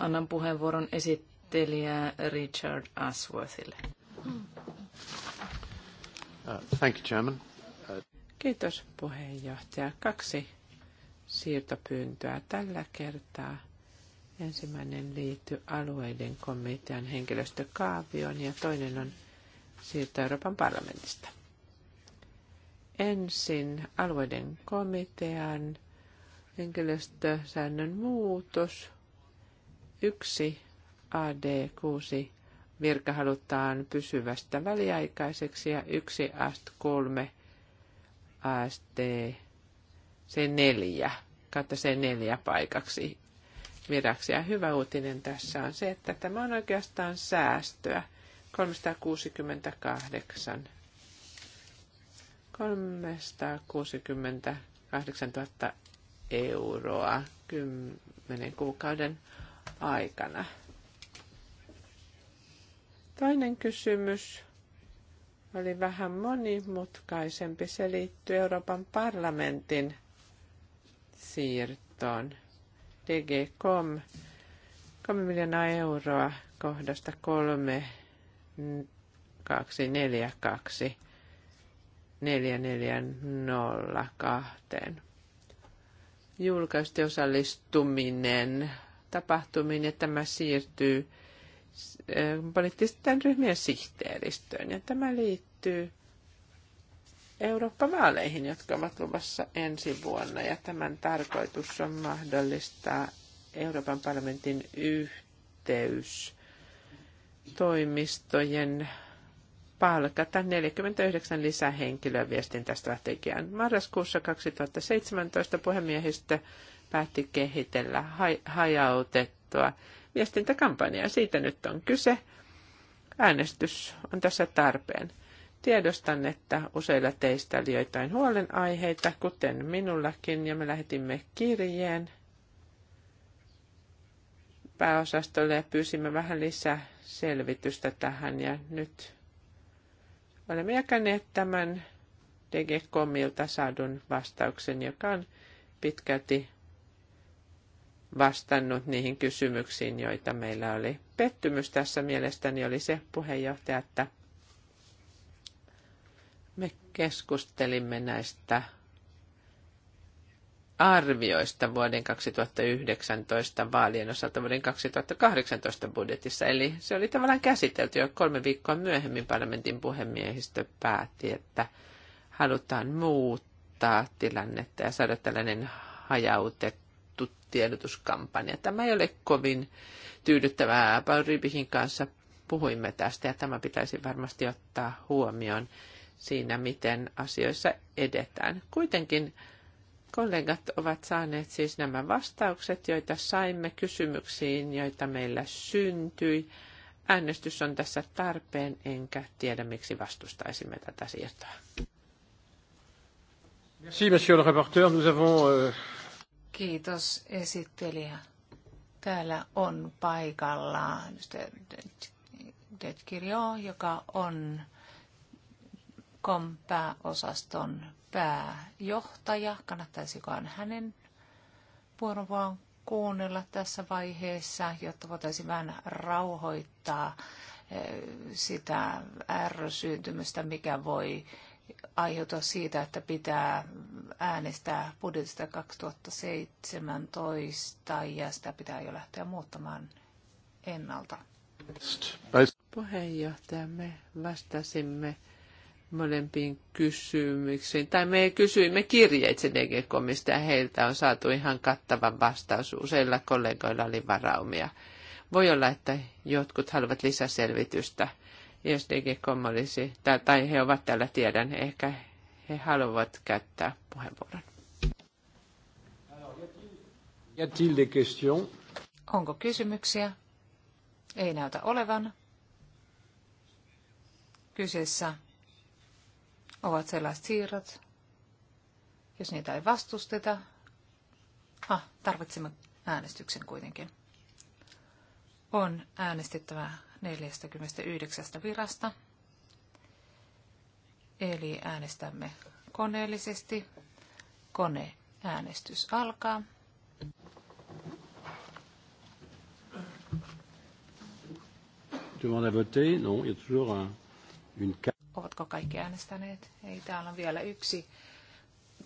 Annan puheenvuoron esittelijä Richard Asworthille. Uh, thank you, Chairman. Uh, Kiitos puheenjohtaja. Kaksi siirtopyyntöä tällä kertaa – Ensimmäinen liittyy alueiden komitean henkilöstökaavioon ja toinen on siirto Euroopan parlamentista. Ensin alueiden komitean henkilöstösäännön muutos. Yksi AD6 virka halutaan pysyvästä väliaikaiseksi ja yksi AST3 AST C4 kautta C4 paikaksi viraksi. Ja hyvä uutinen tässä on se, että tämä on oikeastaan säästöä. 368. 368 000 euroa kymmenen kuukauden aikana. Toinen kysymys oli vähän monimutkaisempi. Se liittyy Euroopan parlamentin siirtoon tg.com 3 miljoonaa euroa kohdasta 3 2 4 2 4 4 0 2. Julkaisti osallistuminen tapahtumiin ja tämä siirtyy eh, poliittisten ryhmien sihteeristöön ja tämä liittyy Eurooppa-vaaleihin, jotka ovat luvassa ensi vuonna. Ja tämän tarkoitus on mahdollistaa Euroopan parlamentin yhteys toimistojen palkata 49 lisähenkilöä viestintästrategian. Marraskuussa 2017 puhemiehistö päätti kehitellä hajautettua viestintäkampanjaa. Siitä nyt on kyse. Äänestys on tässä tarpeen. Tiedostan, että useilla teistä oli joitain huolenaiheita, kuten minullakin, ja me lähetimme kirjeen pääosastolle ja pyysimme vähän lisää selvitystä tähän. Ja nyt olemme jakaneet tämän DGCOMilta saadun vastauksen, joka on pitkälti vastannut niihin kysymyksiin, joita meillä oli. Pettymys tässä mielestäni oli se puheenjohtaja, että keskustelimme näistä arvioista vuoden 2019 vaalien osalta vuoden 2018 budjetissa. Eli se oli tavallaan käsitelty jo kolme viikkoa myöhemmin parlamentin puhemiehistö päätti, että halutaan muuttaa tilannetta ja saada tällainen hajautettu tiedotuskampanja. Tämä ei ole kovin tyydyttävää. Paul Rybihin kanssa puhuimme tästä ja tämä pitäisi varmasti ottaa huomioon siinä, miten asioissa edetään. Kuitenkin kollegat ovat saaneet siis nämä vastaukset, joita saimme kysymyksiin, joita meillä syntyi. Äänestys on tässä tarpeen, enkä tiedä miksi vastustaisimme tätä siirtoa. Merci, monsieur le rapporteur. Nous avons, euh, Kiitos esittelijä. Täällä on paikalla Detkirio, joka on Kom pääosaston pääjohtaja. Kannattaisikohan hänen vuorovaan kuunnella tässä vaiheessa, jotta voitaisiin vähän rauhoittaa eh, sitä ärsyyntymystä, mikä voi aiheutua siitä, että pitää äänestää budjetista 2017 ja sitä pitää jo lähteä muuttamaan ennalta. Puheenjohtajamme vastasimme molempiin kysymyksiin. Tai me kysyimme kirjeitse dg ja heiltä on saatu ihan kattava vastaus. Useilla kollegoilla oli varaumia. Voi olla, että jotkut haluavat lisäselvitystä, jos DG.com olisi, tai he ovat täällä tiedän, ehkä he haluavat käyttää puheenvuoron. Onko kysymyksiä? Ei näytä olevan. Kyseessä ovat sellaiset siirrot, jos niitä ei vastusteta. Ah, tarvitsemme äänestyksen kuitenkin. On äänestettävä 49 virasta. Eli äänestämme koneellisesti. Koneäänestys alkaa. Demande à voter? Non, il y a toujours un, une carte. Ovatko kaikki äänestäneet? Ei, täällä on vielä yksi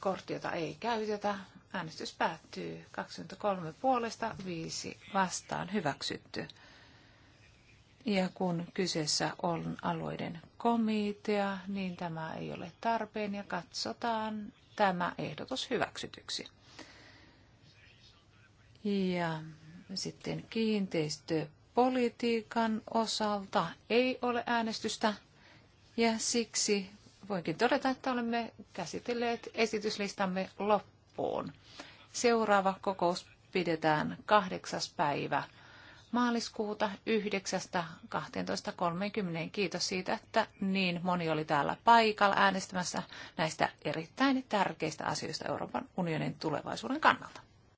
kortti, jota ei käytetä. Äänestys päättyy 23 puolesta, 5 vastaan hyväksytty. Ja kun kyseessä on alueiden komitea, niin tämä ei ole tarpeen ja katsotaan tämä ehdotus hyväksytyksi. Ja sitten kiinteistöpolitiikan osalta ei ole äänestystä. Ja siksi voinkin todeta, että olemme käsitelleet esityslistamme loppuun. Seuraava kokous pidetään 8. päivä maaliskuuta 9.12.30. Kiitos siitä, että niin moni oli täällä paikalla äänestämässä näistä erittäin tärkeistä asioista Euroopan unionin tulevaisuuden kannalta.